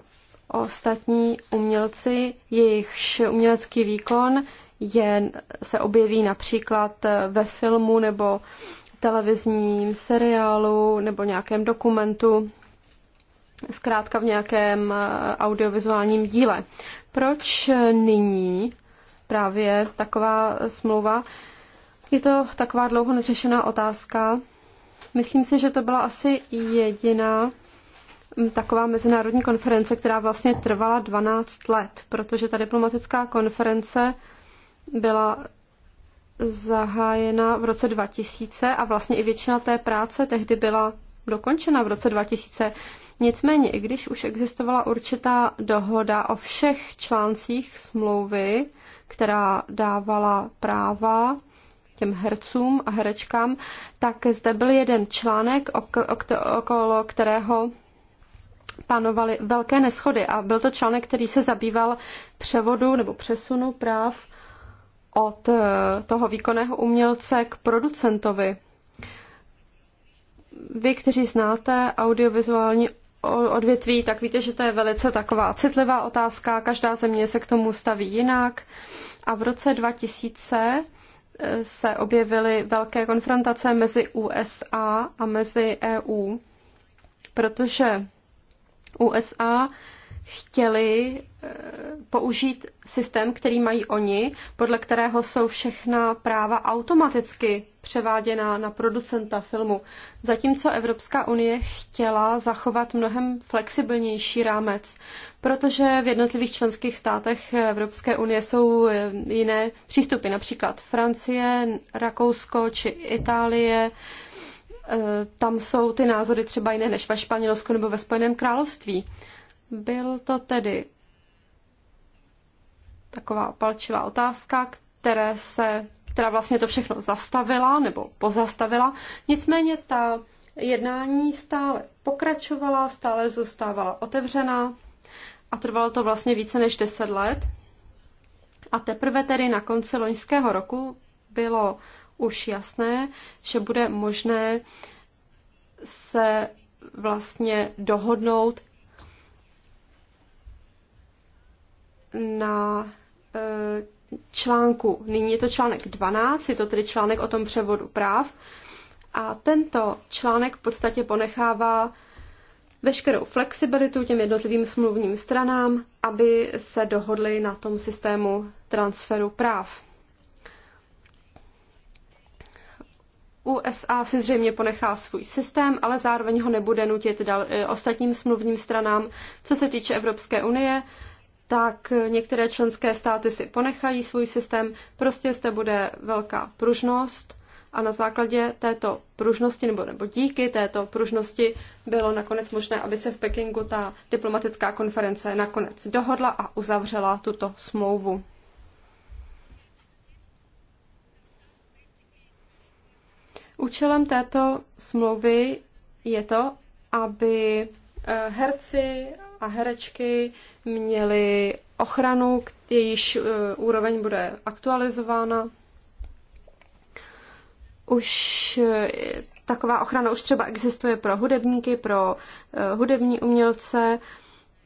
Speaker 2: ostatní umělci, jejichž umělecký výkon je, se objeví například ve filmu nebo televizním seriálu nebo nějakém dokumentu, zkrátka v nějakém eh, audiovizuálním díle. Proč nyní právě taková smlouva? Je to taková dlouho neřešená otázka. Myslím si, že to byla asi jediná taková mezinárodní konference, která vlastně trvala 12 let, protože ta diplomatická konference byla zahájena v roce 2000 a vlastně i většina té práce tehdy byla dokončena v roce 2000. Nicméně, i když už existovala určitá dohoda o všech článcích smlouvy, která dávala práva těm hercům a herečkám, tak zde byl jeden článek, okolo kterého panovaly velké neschody a byl to článek, který se zabýval převodu nebo přesunu práv od eh, toho výkonného umělce k producentovi. Vy, kteří znáte audiovizuální odvětví, tak víte, že to je velice taková citlivá otázka. Každá země se k tomu staví jinak. A v roce 2000 eh, se objevily velké konfrontace mezi USA a mezi EU, protože USA chtěli eh, použít systém, který mají oni, podle kterého jsou všechna práva automaticky převáděna na producenta filmu. Zatímco Evropská unie chtěla zachovat mnohem flexibilnější rámec, protože v jednotlivých členských státech Evropské unie jsou eh, jiné přístupy, například Francie, Rakousko či Itálie Eh, tam jsou ty názory třeba jiné než ve Španělsku nebo ve Spojeném království. Byl to tedy taková palčivá otázka, které se, která vlastně to všechno zastavila nebo pozastavila. Nicméně ta jednání stále pokračovala, stále zůstávala otevřená a trvalo to vlastně více než 10 let. A teprve tedy na konci loňského roku bylo už jasné, že bude možné se vlastně dohodnout na e, článku. Nyní je to článek 12, je to tedy článek o tom převodu práv. A tento článek v podstatě ponechává veškerou flexibilitu těm jednotlivým smluvním stranám, aby se dohodli na tom systému transferu práv. USA si zřejmě ponechá svůj systém, ale zároveň ho nebude nutit dal, e, ostatním smluvním stranám. Co se týče Evropské unie, tak některé členské státy si ponechají svůj systém, prostě zde bude velká pružnost a na základě této pružnosti nebo, nebo díky této pružnosti bylo nakonec možné, aby se v Pekingu ta diplomatická konference nakonec dohodla a uzavřela tuto smlouvu. Účelem této smlouvy je to, aby eh, herci a herečky měli ochranu, jejíž eh, úroveň bude aktualizována. Už eh, taková ochrana už třeba existuje pro hudebníky, pro hudební umělce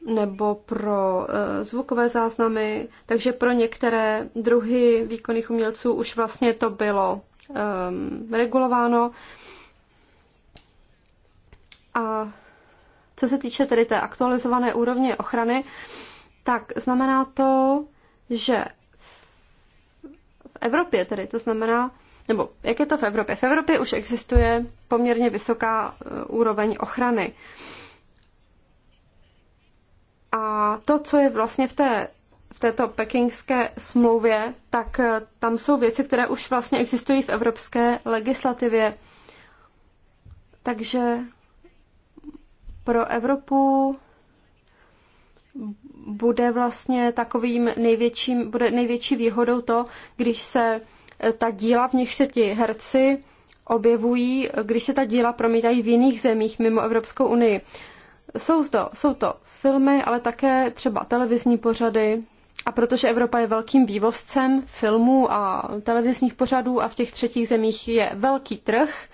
Speaker 2: nebo pro zvukové záznamy, takže pro některé druhy výkonných umělců už vlastně to bylo um, regulováno. A co se týče tedy té aktualizované úrovně ochrany, tak znamená to, že v Evropě tedy, to znamená, nebo jak je to v Evropě? V Evropě už existuje poměrně vysoká uh, úroveň ochrany. A to, co je vlastně v té této pekingské smlouvě, tak eh, tam jsou věci, které už vlastně existují v evropské legislativě. Takže pro Evropu bude vlastně takovým největším, bude největší výhodou to, když se eh, ta díla, v nich se ti herci objevují, když se ta díla promítají v jiných zemích mimo Evropskou unii. Jsou to, jsou to filmy, ale také třeba televizní pořady. A protože Evropa je velkým vývozcem filmů a televizních pořadů a v těch třetích zemích je velký trh,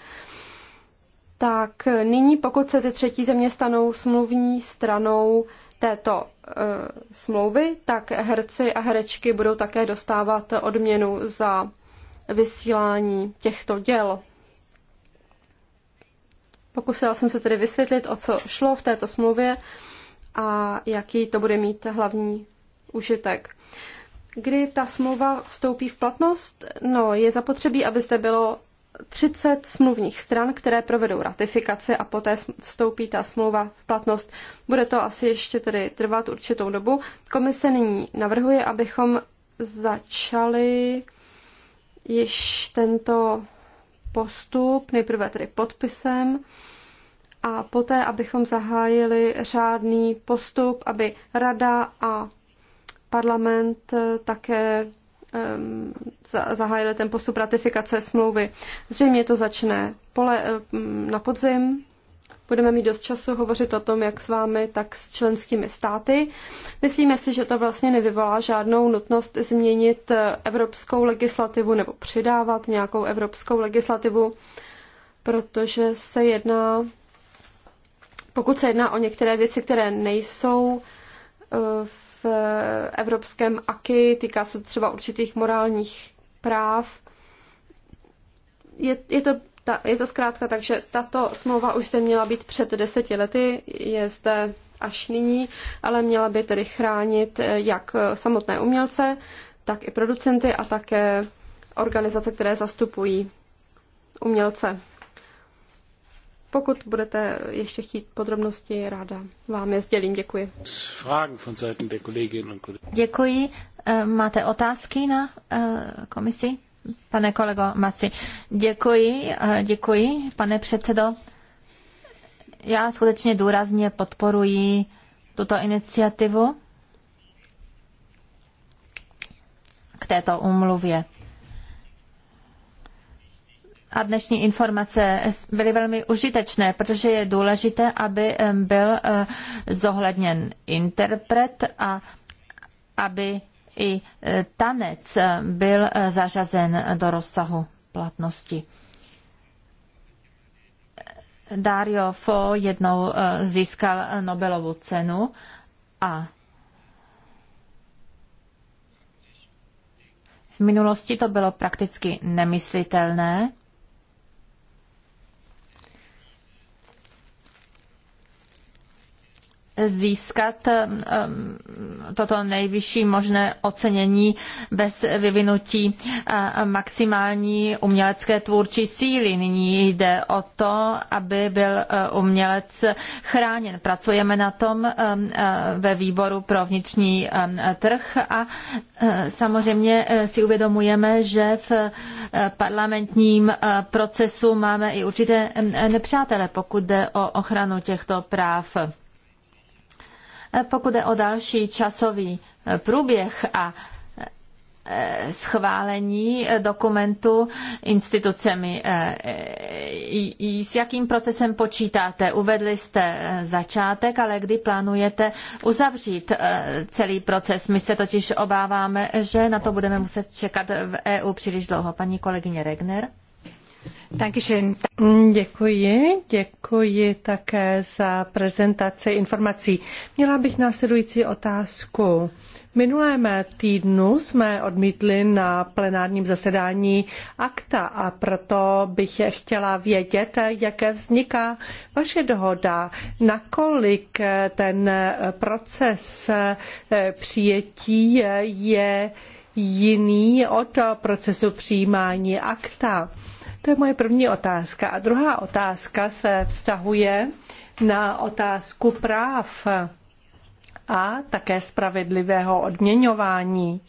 Speaker 2: tak nyní, pokud se ty třetí země stanou smluvní stranou této e, smlouvy, tak herci a herečky budou také dostávat odměnu za vysílání těchto děl. Pokusila jsem se tedy vysvětlit, o co šlo v této smlouvě a jaký to bude mít hlavní užitek. Kdy ta smlouva vstoupí v platnost? No, je zapotřebí, aby zde bylo 30 smluvních stran, které provedou ratifikaci a poté vstoupí ta smlouva v platnost. Bude to asi ještě tedy trvat určitou dobu. Komise nyní navrhuje, abychom začali již tento postup, nejprve tedy podpisem, a poté, abychom zahájili řádný postup, aby Rada a Parlament eh, také zahájil ten postup ratifikace smlouvy. Zřejmě to začne pole, eh, na podzim. Budeme mít dost času hovořit o tom, jak s vámi, tak s členskými státy. Myslíme si, že to vlastně nevyvolá žádnou nutnost změnit eh, evropskou legislativu nebo přidávat nějakou evropskou legislativu, protože se jedná, pokud se jedná o některé věci, které nejsou v evropském aky, týká se třeba určitých morálních práv. Je, je, to, ta, je to zkrátka tak, že tato smlouva už zde měla být před deseti lety, je zde až nyní, ale měla by tedy chránit jak samotné umělce, tak i producenty a také organizace, které zastupují umělce. Pokud budete ještě chtít podrobnosti, ráda vám je sdělím. Děkuji. Děkuji. Eh, máte otázky na
Speaker 1: eh, komisi? Pane kolego Masi, děkuji, eh, děkuji, pane předsedo. Já skutečně důrazně podporuji tuto iniciativu k této umluvě a dnešní informace byly velmi užitečné, protože je důležité, aby byl eh, zohledněn interpret a aby i eh, tanec eh, byl zařazen do rozsahu platnosti. Dario Fo jednou získal Nobelovu cenu a v minulosti to bylo prakticky nemyslitelné. získat um, toto nejvyšší možné ocenění bez vyvinutí maximální umělecké tvůrčí síly. Nyní jde o to, aby byl e, umělec chráněn. Pracujeme na tom e, e, ve výboru pro vnitřní trh a samozřejmě si uvědomujeme, že v parlamentním procesu máme i určité nepřátele, pokud jde o ochranu těchto práv. Pokud je o další časový eh, průběh a eh, schválení eh, dokumentu institucemi. S jakým procesem počítáte? Uvedli jste začátek, ale kdy plánujete uzavřít celý proces? My se totiž obáváme, že na to budeme muset
Speaker 3: čekat v EU příliš dlouho. Paní kolegyně Regner. Mm, děkuji, děkuji také za prezentaci informací. Měla bych následující otázku. V minulém týdnu jsme odmítli na plenárním zasedání akta a proto bych chtěla vědět, jaké vzniká vaše dohoda, nakolik ten proces přijetí je jiný od procesu přijímání akta. To je moje první otázka. A druhá otázka se vztahuje na otázku práv a také spravedlivého odměňování.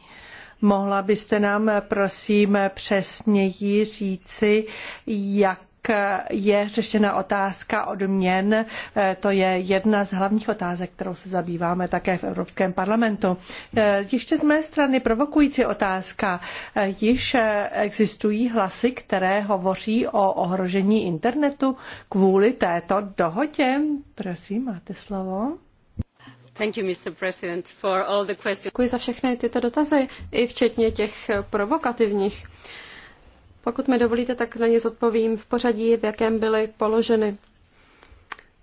Speaker 3: Mohla byste nám prosím přesněji říci, jak je řešena otázka odměn. Eh, to je jedna z hlavních otázek, kterou se zabýváme také v Evropském parlamentu. Eh, ještě z mé strany provokující otázka. Eh, již existují hlasy, které hovoří o ohrožení internetu kvůli této dohodě. Prosím, máte slovo.
Speaker 2: Thank you, Mr. President, for all the questions. Děkuji za všechny tyto dotazy, i včetně těch provokativních. Uh, pokud mi dovolíte, tak na ně zodpovím v pořadí, v jakém byly položeny.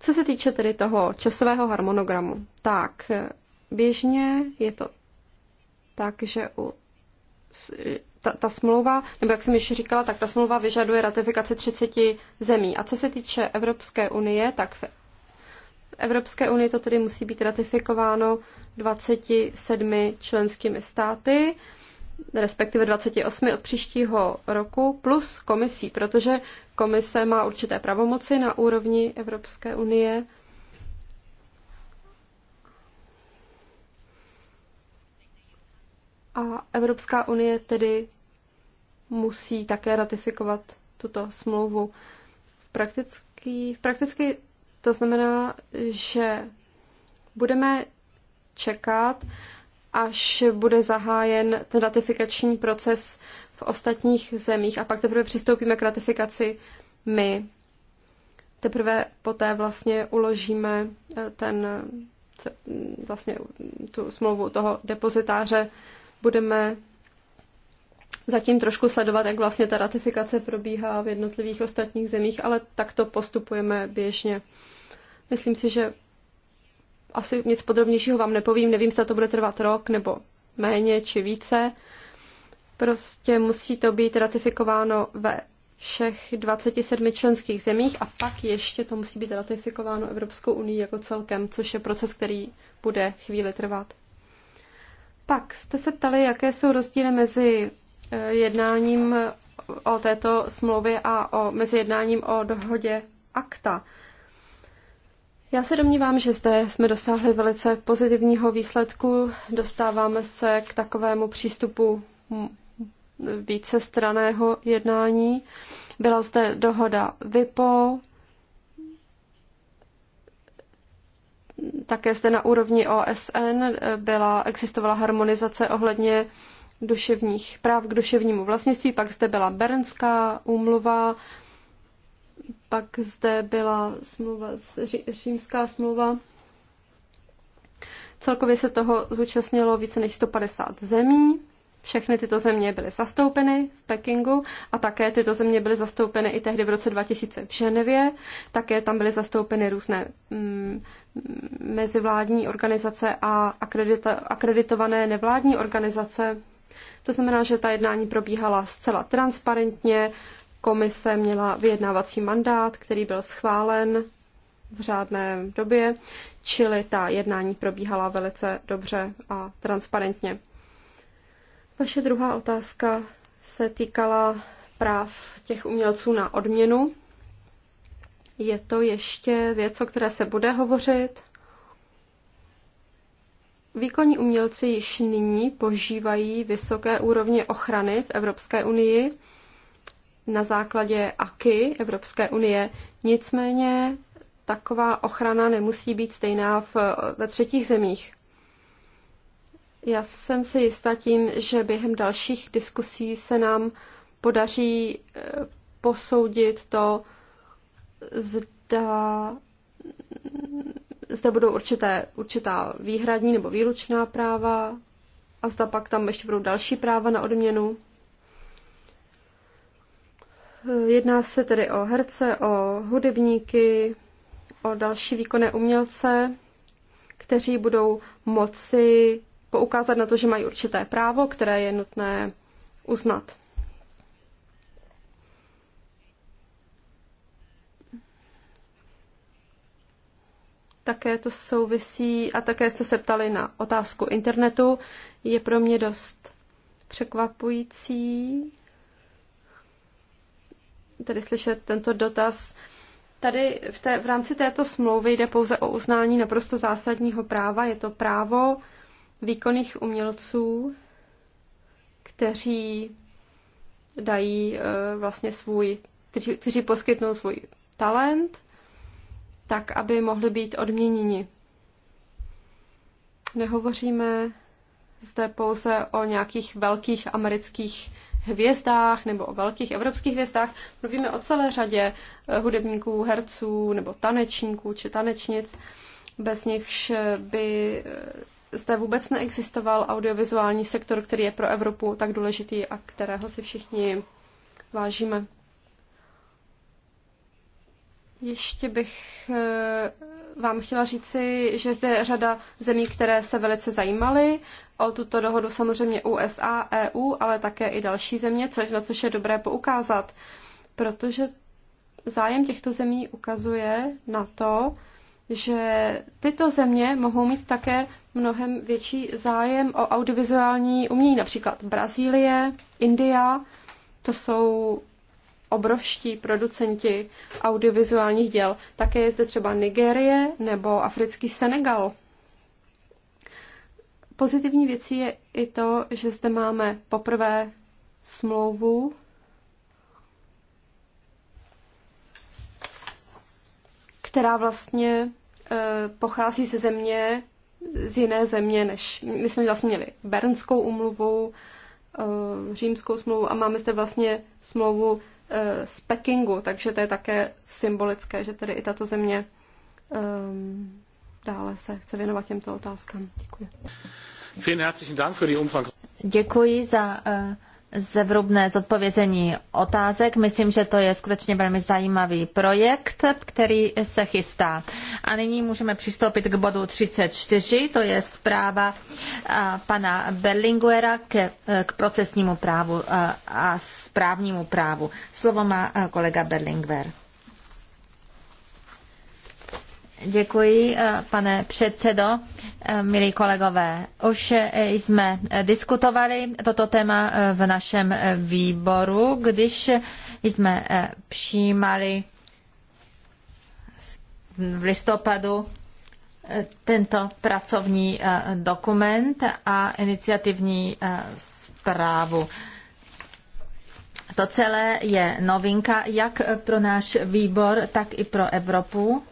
Speaker 2: Co se týče tedy toho časového harmonogramu, tak e, běžně je to tak, že u, e, ta, ta smlouva, nebo jak jsem již říkala, tak ta smlouva vyžaduje ratifikaci 30 zemí. A co se týče Evropské unie, tak v Evropské unii to tedy musí být ratifikováno 27 členskými státy respektive 28 od příštího roku plus komisí, protože komise má určité pravomoci na úrovni Evropské unie. A Evropská unie tedy musí také ratifikovat tuto smlouvu. Prakticky, prakticky to znamená, že budeme čekat až bude zahájen ten ratifikační proces v ostatních zemích a pak teprve přistoupíme k ratifikaci my. Teprve poté vlastně uložíme eh, ten, mm, vlastně tu smlouvu toho depozitáře. Budeme zatím trošku sledovat, jak vlastně ta ratifikace probíhá v jednotlivých ostatních zemích, ale takto postupujeme běžně. Myslím si, že asi nic podrobnějšího vám nepovím, nevím, zda to bude trvat rok nebo méně či více. Prostě musí to být ratifikováno ve všech 27 členských zemích a pak ještě to musí být ratifikováno Evropskou unii jako celkem, což je proces, který bude chvíli trvat. Pak jste se ptali, jaké jsou rozdíly mezi eh, jednáním o této smlouvě a o, mezi jednáním o dohodě akta. Já se domnívám, že zde jsme dosáhli velice pozitivního výsledku. Dostáváme se k takovému přístupu vícestraného jednání. Byla zde dohoda VIPO, také zde na úrovni OSN byla, existovala harmonizace ohledně duševních práv k duševnímu vlastnictví, pak zde byla Bernská úmluva, pak zde byla smlouva, římská smlouva. Celkově se toho zúčastnilo více než 150 zemí. Všechny tyto země byly zastoupeny v Pekingu a také tyto země byly zastoupeny i tehdy v roce 2000 v Ženevě. Také tam byly zastoupeny různé mm, mm, mezivládní organizace a akredita, akreditované nevládní organizace. To znamená, že ta jednání probíhala zcela transparentně, Komise měla vyjednávací mandát, který byl schválen v řádné době, čili ta jednání probíhala velice dobře a transparentně. Vaše druhá otázka se týkala práv těch umělců na odměnu. Je to ještě věc, o které se bude hovořit. Výkonní umělci již nyní požívají vysoké úrovně ochrany v Evropské unii na základě AKY Evropské unie. Nicméně taková ochrana nemusí být stejná v, ve třetích zemích. Já jsem si jistá tím, že během dalších diskusí se nám podaří eh, posoudit to, zda, zda budou určité, určitá výhradní nebo výlučná práva a zda pak tam ještě budou další práva na odměnu. Jedná se tedy o herce, o hudebníky, o další výkonné umělce, kteří budou moci poukázat na to, že mají určité právo, které je nutné uznat. Také to souvisí, a také jste se ptali na otázku internetu. Je pro mě dost překvapující, tedy slyšet tento dotaz. Tady v, té, v rámci této smlouvy jde pouze o uznání naprosto zásadního práva. Je to právo výkonných umělců, kteří dají eh, vlastně svůj, kteří, kteří poskytnou svůj talent, tak aby mohli být odměněni. Nehovoříme zde pouze o nějakých velkých amerických hvězdách nebo o velkých evropských hvězdách. Mluvíme o celé řadě eh, hudebníků, herců nebo tanečníků či tanečnic, bez nichž eh, by eh, zde vůbec neexistoval audiovizuální sektor, který je pro Evropu tak důležitý a kterého si všichni vážíme. Ještě bych vám chtěla říci, že zde je řada zemí, které se velice zajímaly o tuto dohodu, samozřejmě USA, EU, ale také i další země, což, na což je dobré poukázat, protože zájem těchto zemí ukazuje na to, že tyto země mohou mít také mnohem větší zájem o audiovizuální umění, například Brazílie, India, to jsou obrovští producenti audiovizuálních děl. Také je zde třeba Nigérie nebo africký Senegal. Pozitivní věcí je i to, že zde máme poprvé smlouvu která vlastně eh, pochází ze země, z jiné země, než my jsme vlastně měli Bernskou umluvu, eh, římskou smlouvu a máme zde vlastně smlouvu Eh, z Pekingu, takže to je také symbolické, že tedy i tato země um, dále se chce věnovat těmto otázkám. Děkuji. Děkuji za uh,
Speaker 1: zevrubné zodpovězení otázek. Myslím, že to je skutečně velmi zajímavý projekt, který se chystá. A nyní můžeme přistoupit k bodu 34, to je zpráva pana Berlinguera k, e, k procesnímu právu a správnímu právu. Slovo má e, kolega Berlinguer. Děkuji, eh, pane předsedo, eh, milí kolegové. Už eh, jsme diskutovali toto téma v našem výboru, když jsme přijímali v listopadu tento pracovní dokument a iniciativní zprávu. To celé je novinka jak pro náš výbor, tak i pro Evropu.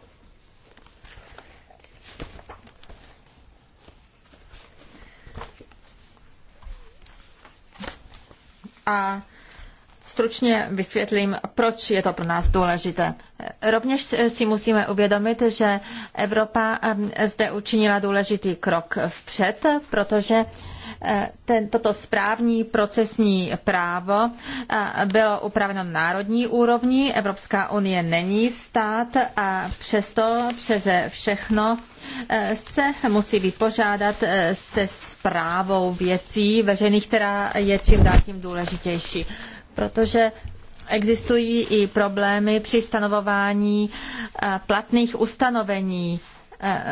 Speaker 1: a Stručně vysvětlím, proč je to pro nás důležité. Rovněž si musíme uvědomit, že Evropa eh, zde učinila důležitý krok vpřed, protože eh, ten, toto správní procesní právo eh, bylo upraveno na národní úrovni. Evropská unie není stát a přesto přeze všechno se musí vypořádat se správou věcí veřejných, která je čím dál tím důležitější protože existují i problémy při stanovování eh, platných ustanovení, eh,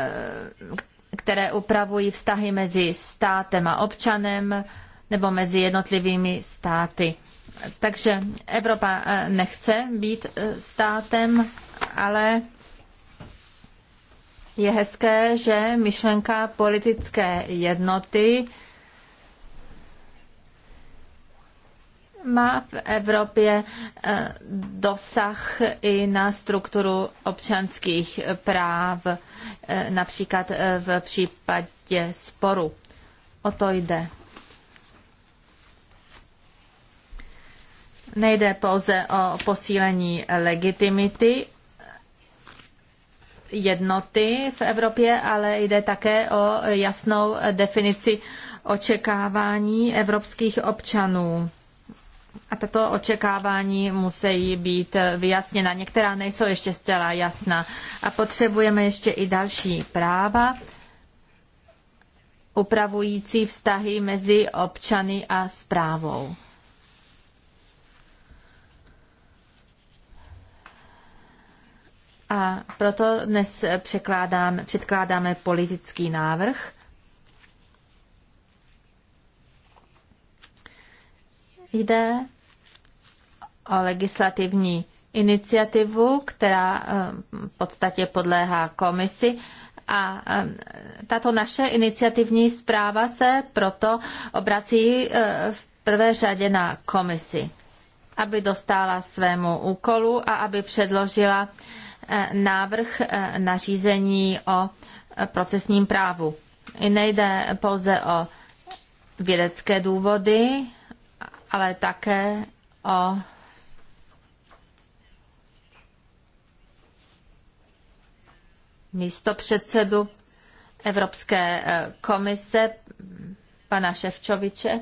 Speaker 1: které upravují vztahy mezi státem a občanem nebo mezi jednotlivými státy. Takže Evropa eh, nechce být státem, ale je hezké, že myšlenka politické jednoty má v Evropě eh, dosah i na strukturu občanských práv, eh, například eh, v případě sporu. O to jde. Nejde pouze o posílení legitimity jednoty v Evropě, ale jde také o jasnou definici očekávání evropských občanů a tato očekávání musí být vyjasněna. Některá nejsou ještě zcela jasná. A potřebujeme ještě i další práva upravující vztahy mezi občany a správou. A proto dnes předkládáme politický návrh, Jde o legislativní iniciativu, která eh, v podstatě podléhá komisi a eh, tato naše iniciativní zpráva se proto obrací eh, v prvé řadě na komisi, aby dostala svému úkolu a aby předložila návrh nařízení o procesním právu. Nejde pouze o vědecké důvody, ale také o místopředsedu Evropské eh, komise pana Ševčoviče.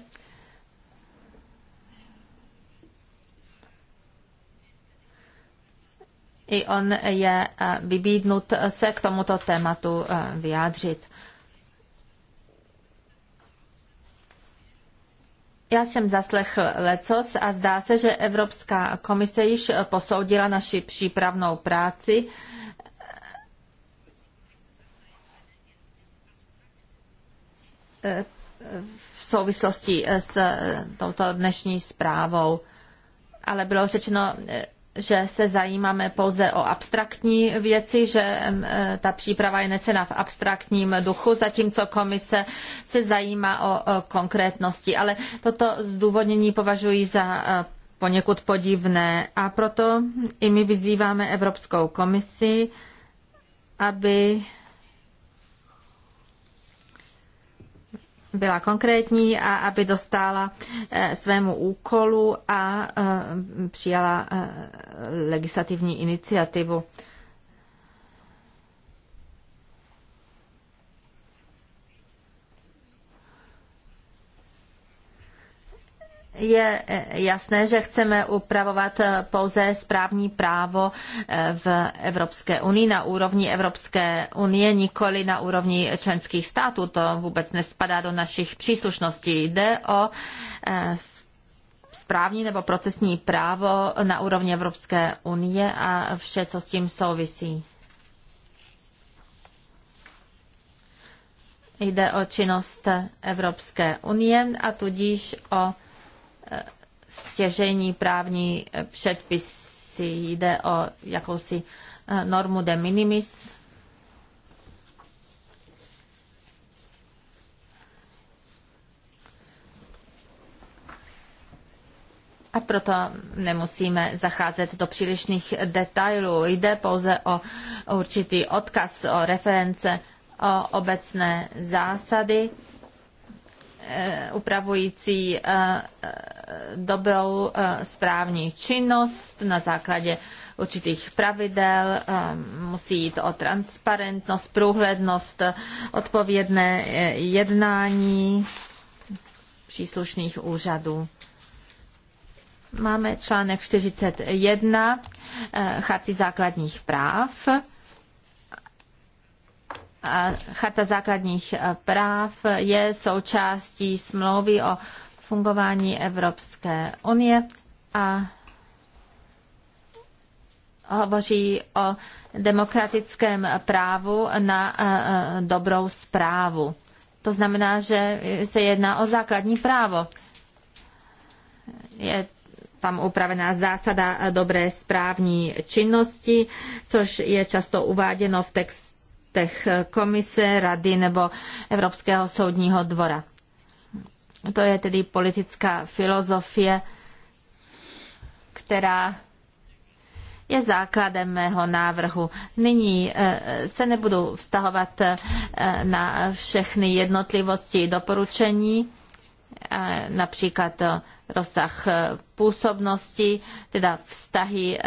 Speaker 1: I on je eh, vybídnut se k tomuto tématu eh, vyjádřit. Já jsem zaslechl lecos a zdá se, že Evropská komise již posoudila naši přípravnou práci. v souvislosti s touto dnešní zprávou. Ale bylo řečeno že se zajímáme pouze o abstraktní věci, že e, ta příprava je nesena v abstraktním duchu, zatímco komise se zajímá o konkrétnosti. Ale toto zdůvodnění považuji za e, poněkud podivné a proto i my vyzýváme Evropskou komisi, aby byla konkrétní a aby dostala eh, svému úkolu a eh, přijala eh, legislativní iniciativu. je eh, jasné, že chceme upravovat eh, pouze správní právo eh, v Evropské unii na úrovni Evropské unie, nikoli na úrovni členských států. To vůbec nespadá do našich příslušností. Jde o správní nebo procesní právo na úrovni Evropské unie a vše, co s tím souvisí. Jde o činnost Evropské unie a tudíž o stěžení právní předpisy. Jde o jakousi eh, normu de minimis. A proto nemusíme zacházet do přílišných detailů. Jde pouze o určitý odkaz, o reference, o obecné zásady Eh, upravující eh, eh, dobrou správní činnost na základě určitých pravidel, musí jít o transparentnost, průhlednost, odpovědné jednání příslušných úřadů. Máme článek 41 Charty základních práv Charta základních eh, práv je součástí smlouvy o fungování Evropské unie a hovoří o demokratickém právu na eh, eh, dobrou zprávu. To znamená, že se jedná o základní právo. Je tam upravená zásada dobré správní činnosti, což je často uváděno v textu aktech komise, rady nebo Evropského soudního dvora. To je tedy politická filozofie, která je základem mého návrhu. Nyní eh, se nebudu vztahovat eh, na všechny jednotlivosti doporučení, eh, například rozsah působnosti, teda vztahy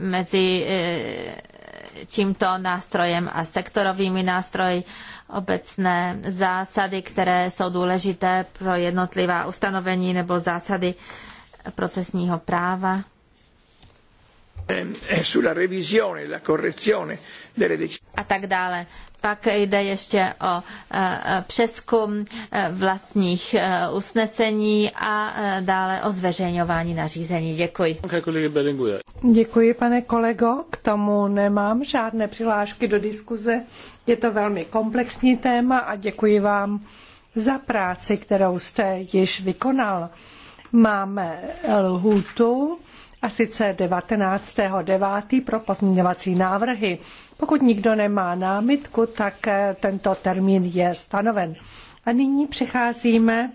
Speaker 1: mezi tímto nástrojem a sektorovými nástroji obecné zásady, které jsou důležité pro jednotlivá ustanovení nebo zásady procesního práva. Eh, eh, a tak dále. Pak jde ještě o eh, přeskum vlastních usnesení a dále o zveřejňování nařízení. Děkuji.
Speaker 3: Děkuji, pane kolego. K tomu nemám žádné přihlášky do diskuze. Je to velmi komplexní téma a děkuji vám za práci, kterou jste již vykonal. Máme lhůtu a sice 19.9. pro pozměňovací návrhy. Pokud nikdo nemá námitku, tak eh, tento termín je stanoven. A nyní přecházíme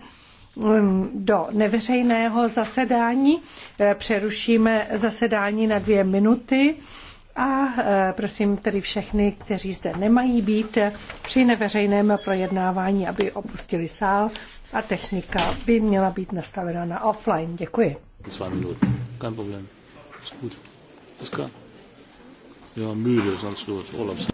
Speaker 3: mm, do neveřejného zasedání. Eh, přerušíme zasedání na dvě minuty a eh, prosím tedy všechny, kteří zde nemají být při neveřejném projednávání, aby opustili sál a technika by měla být nastavena na offline. Děkuji.
Speaker 1: Zwei Minuten. Kein Problem. Ist gut. Ist klar. Ja,
Speaker 2: müde, sonst los. Urlaubs.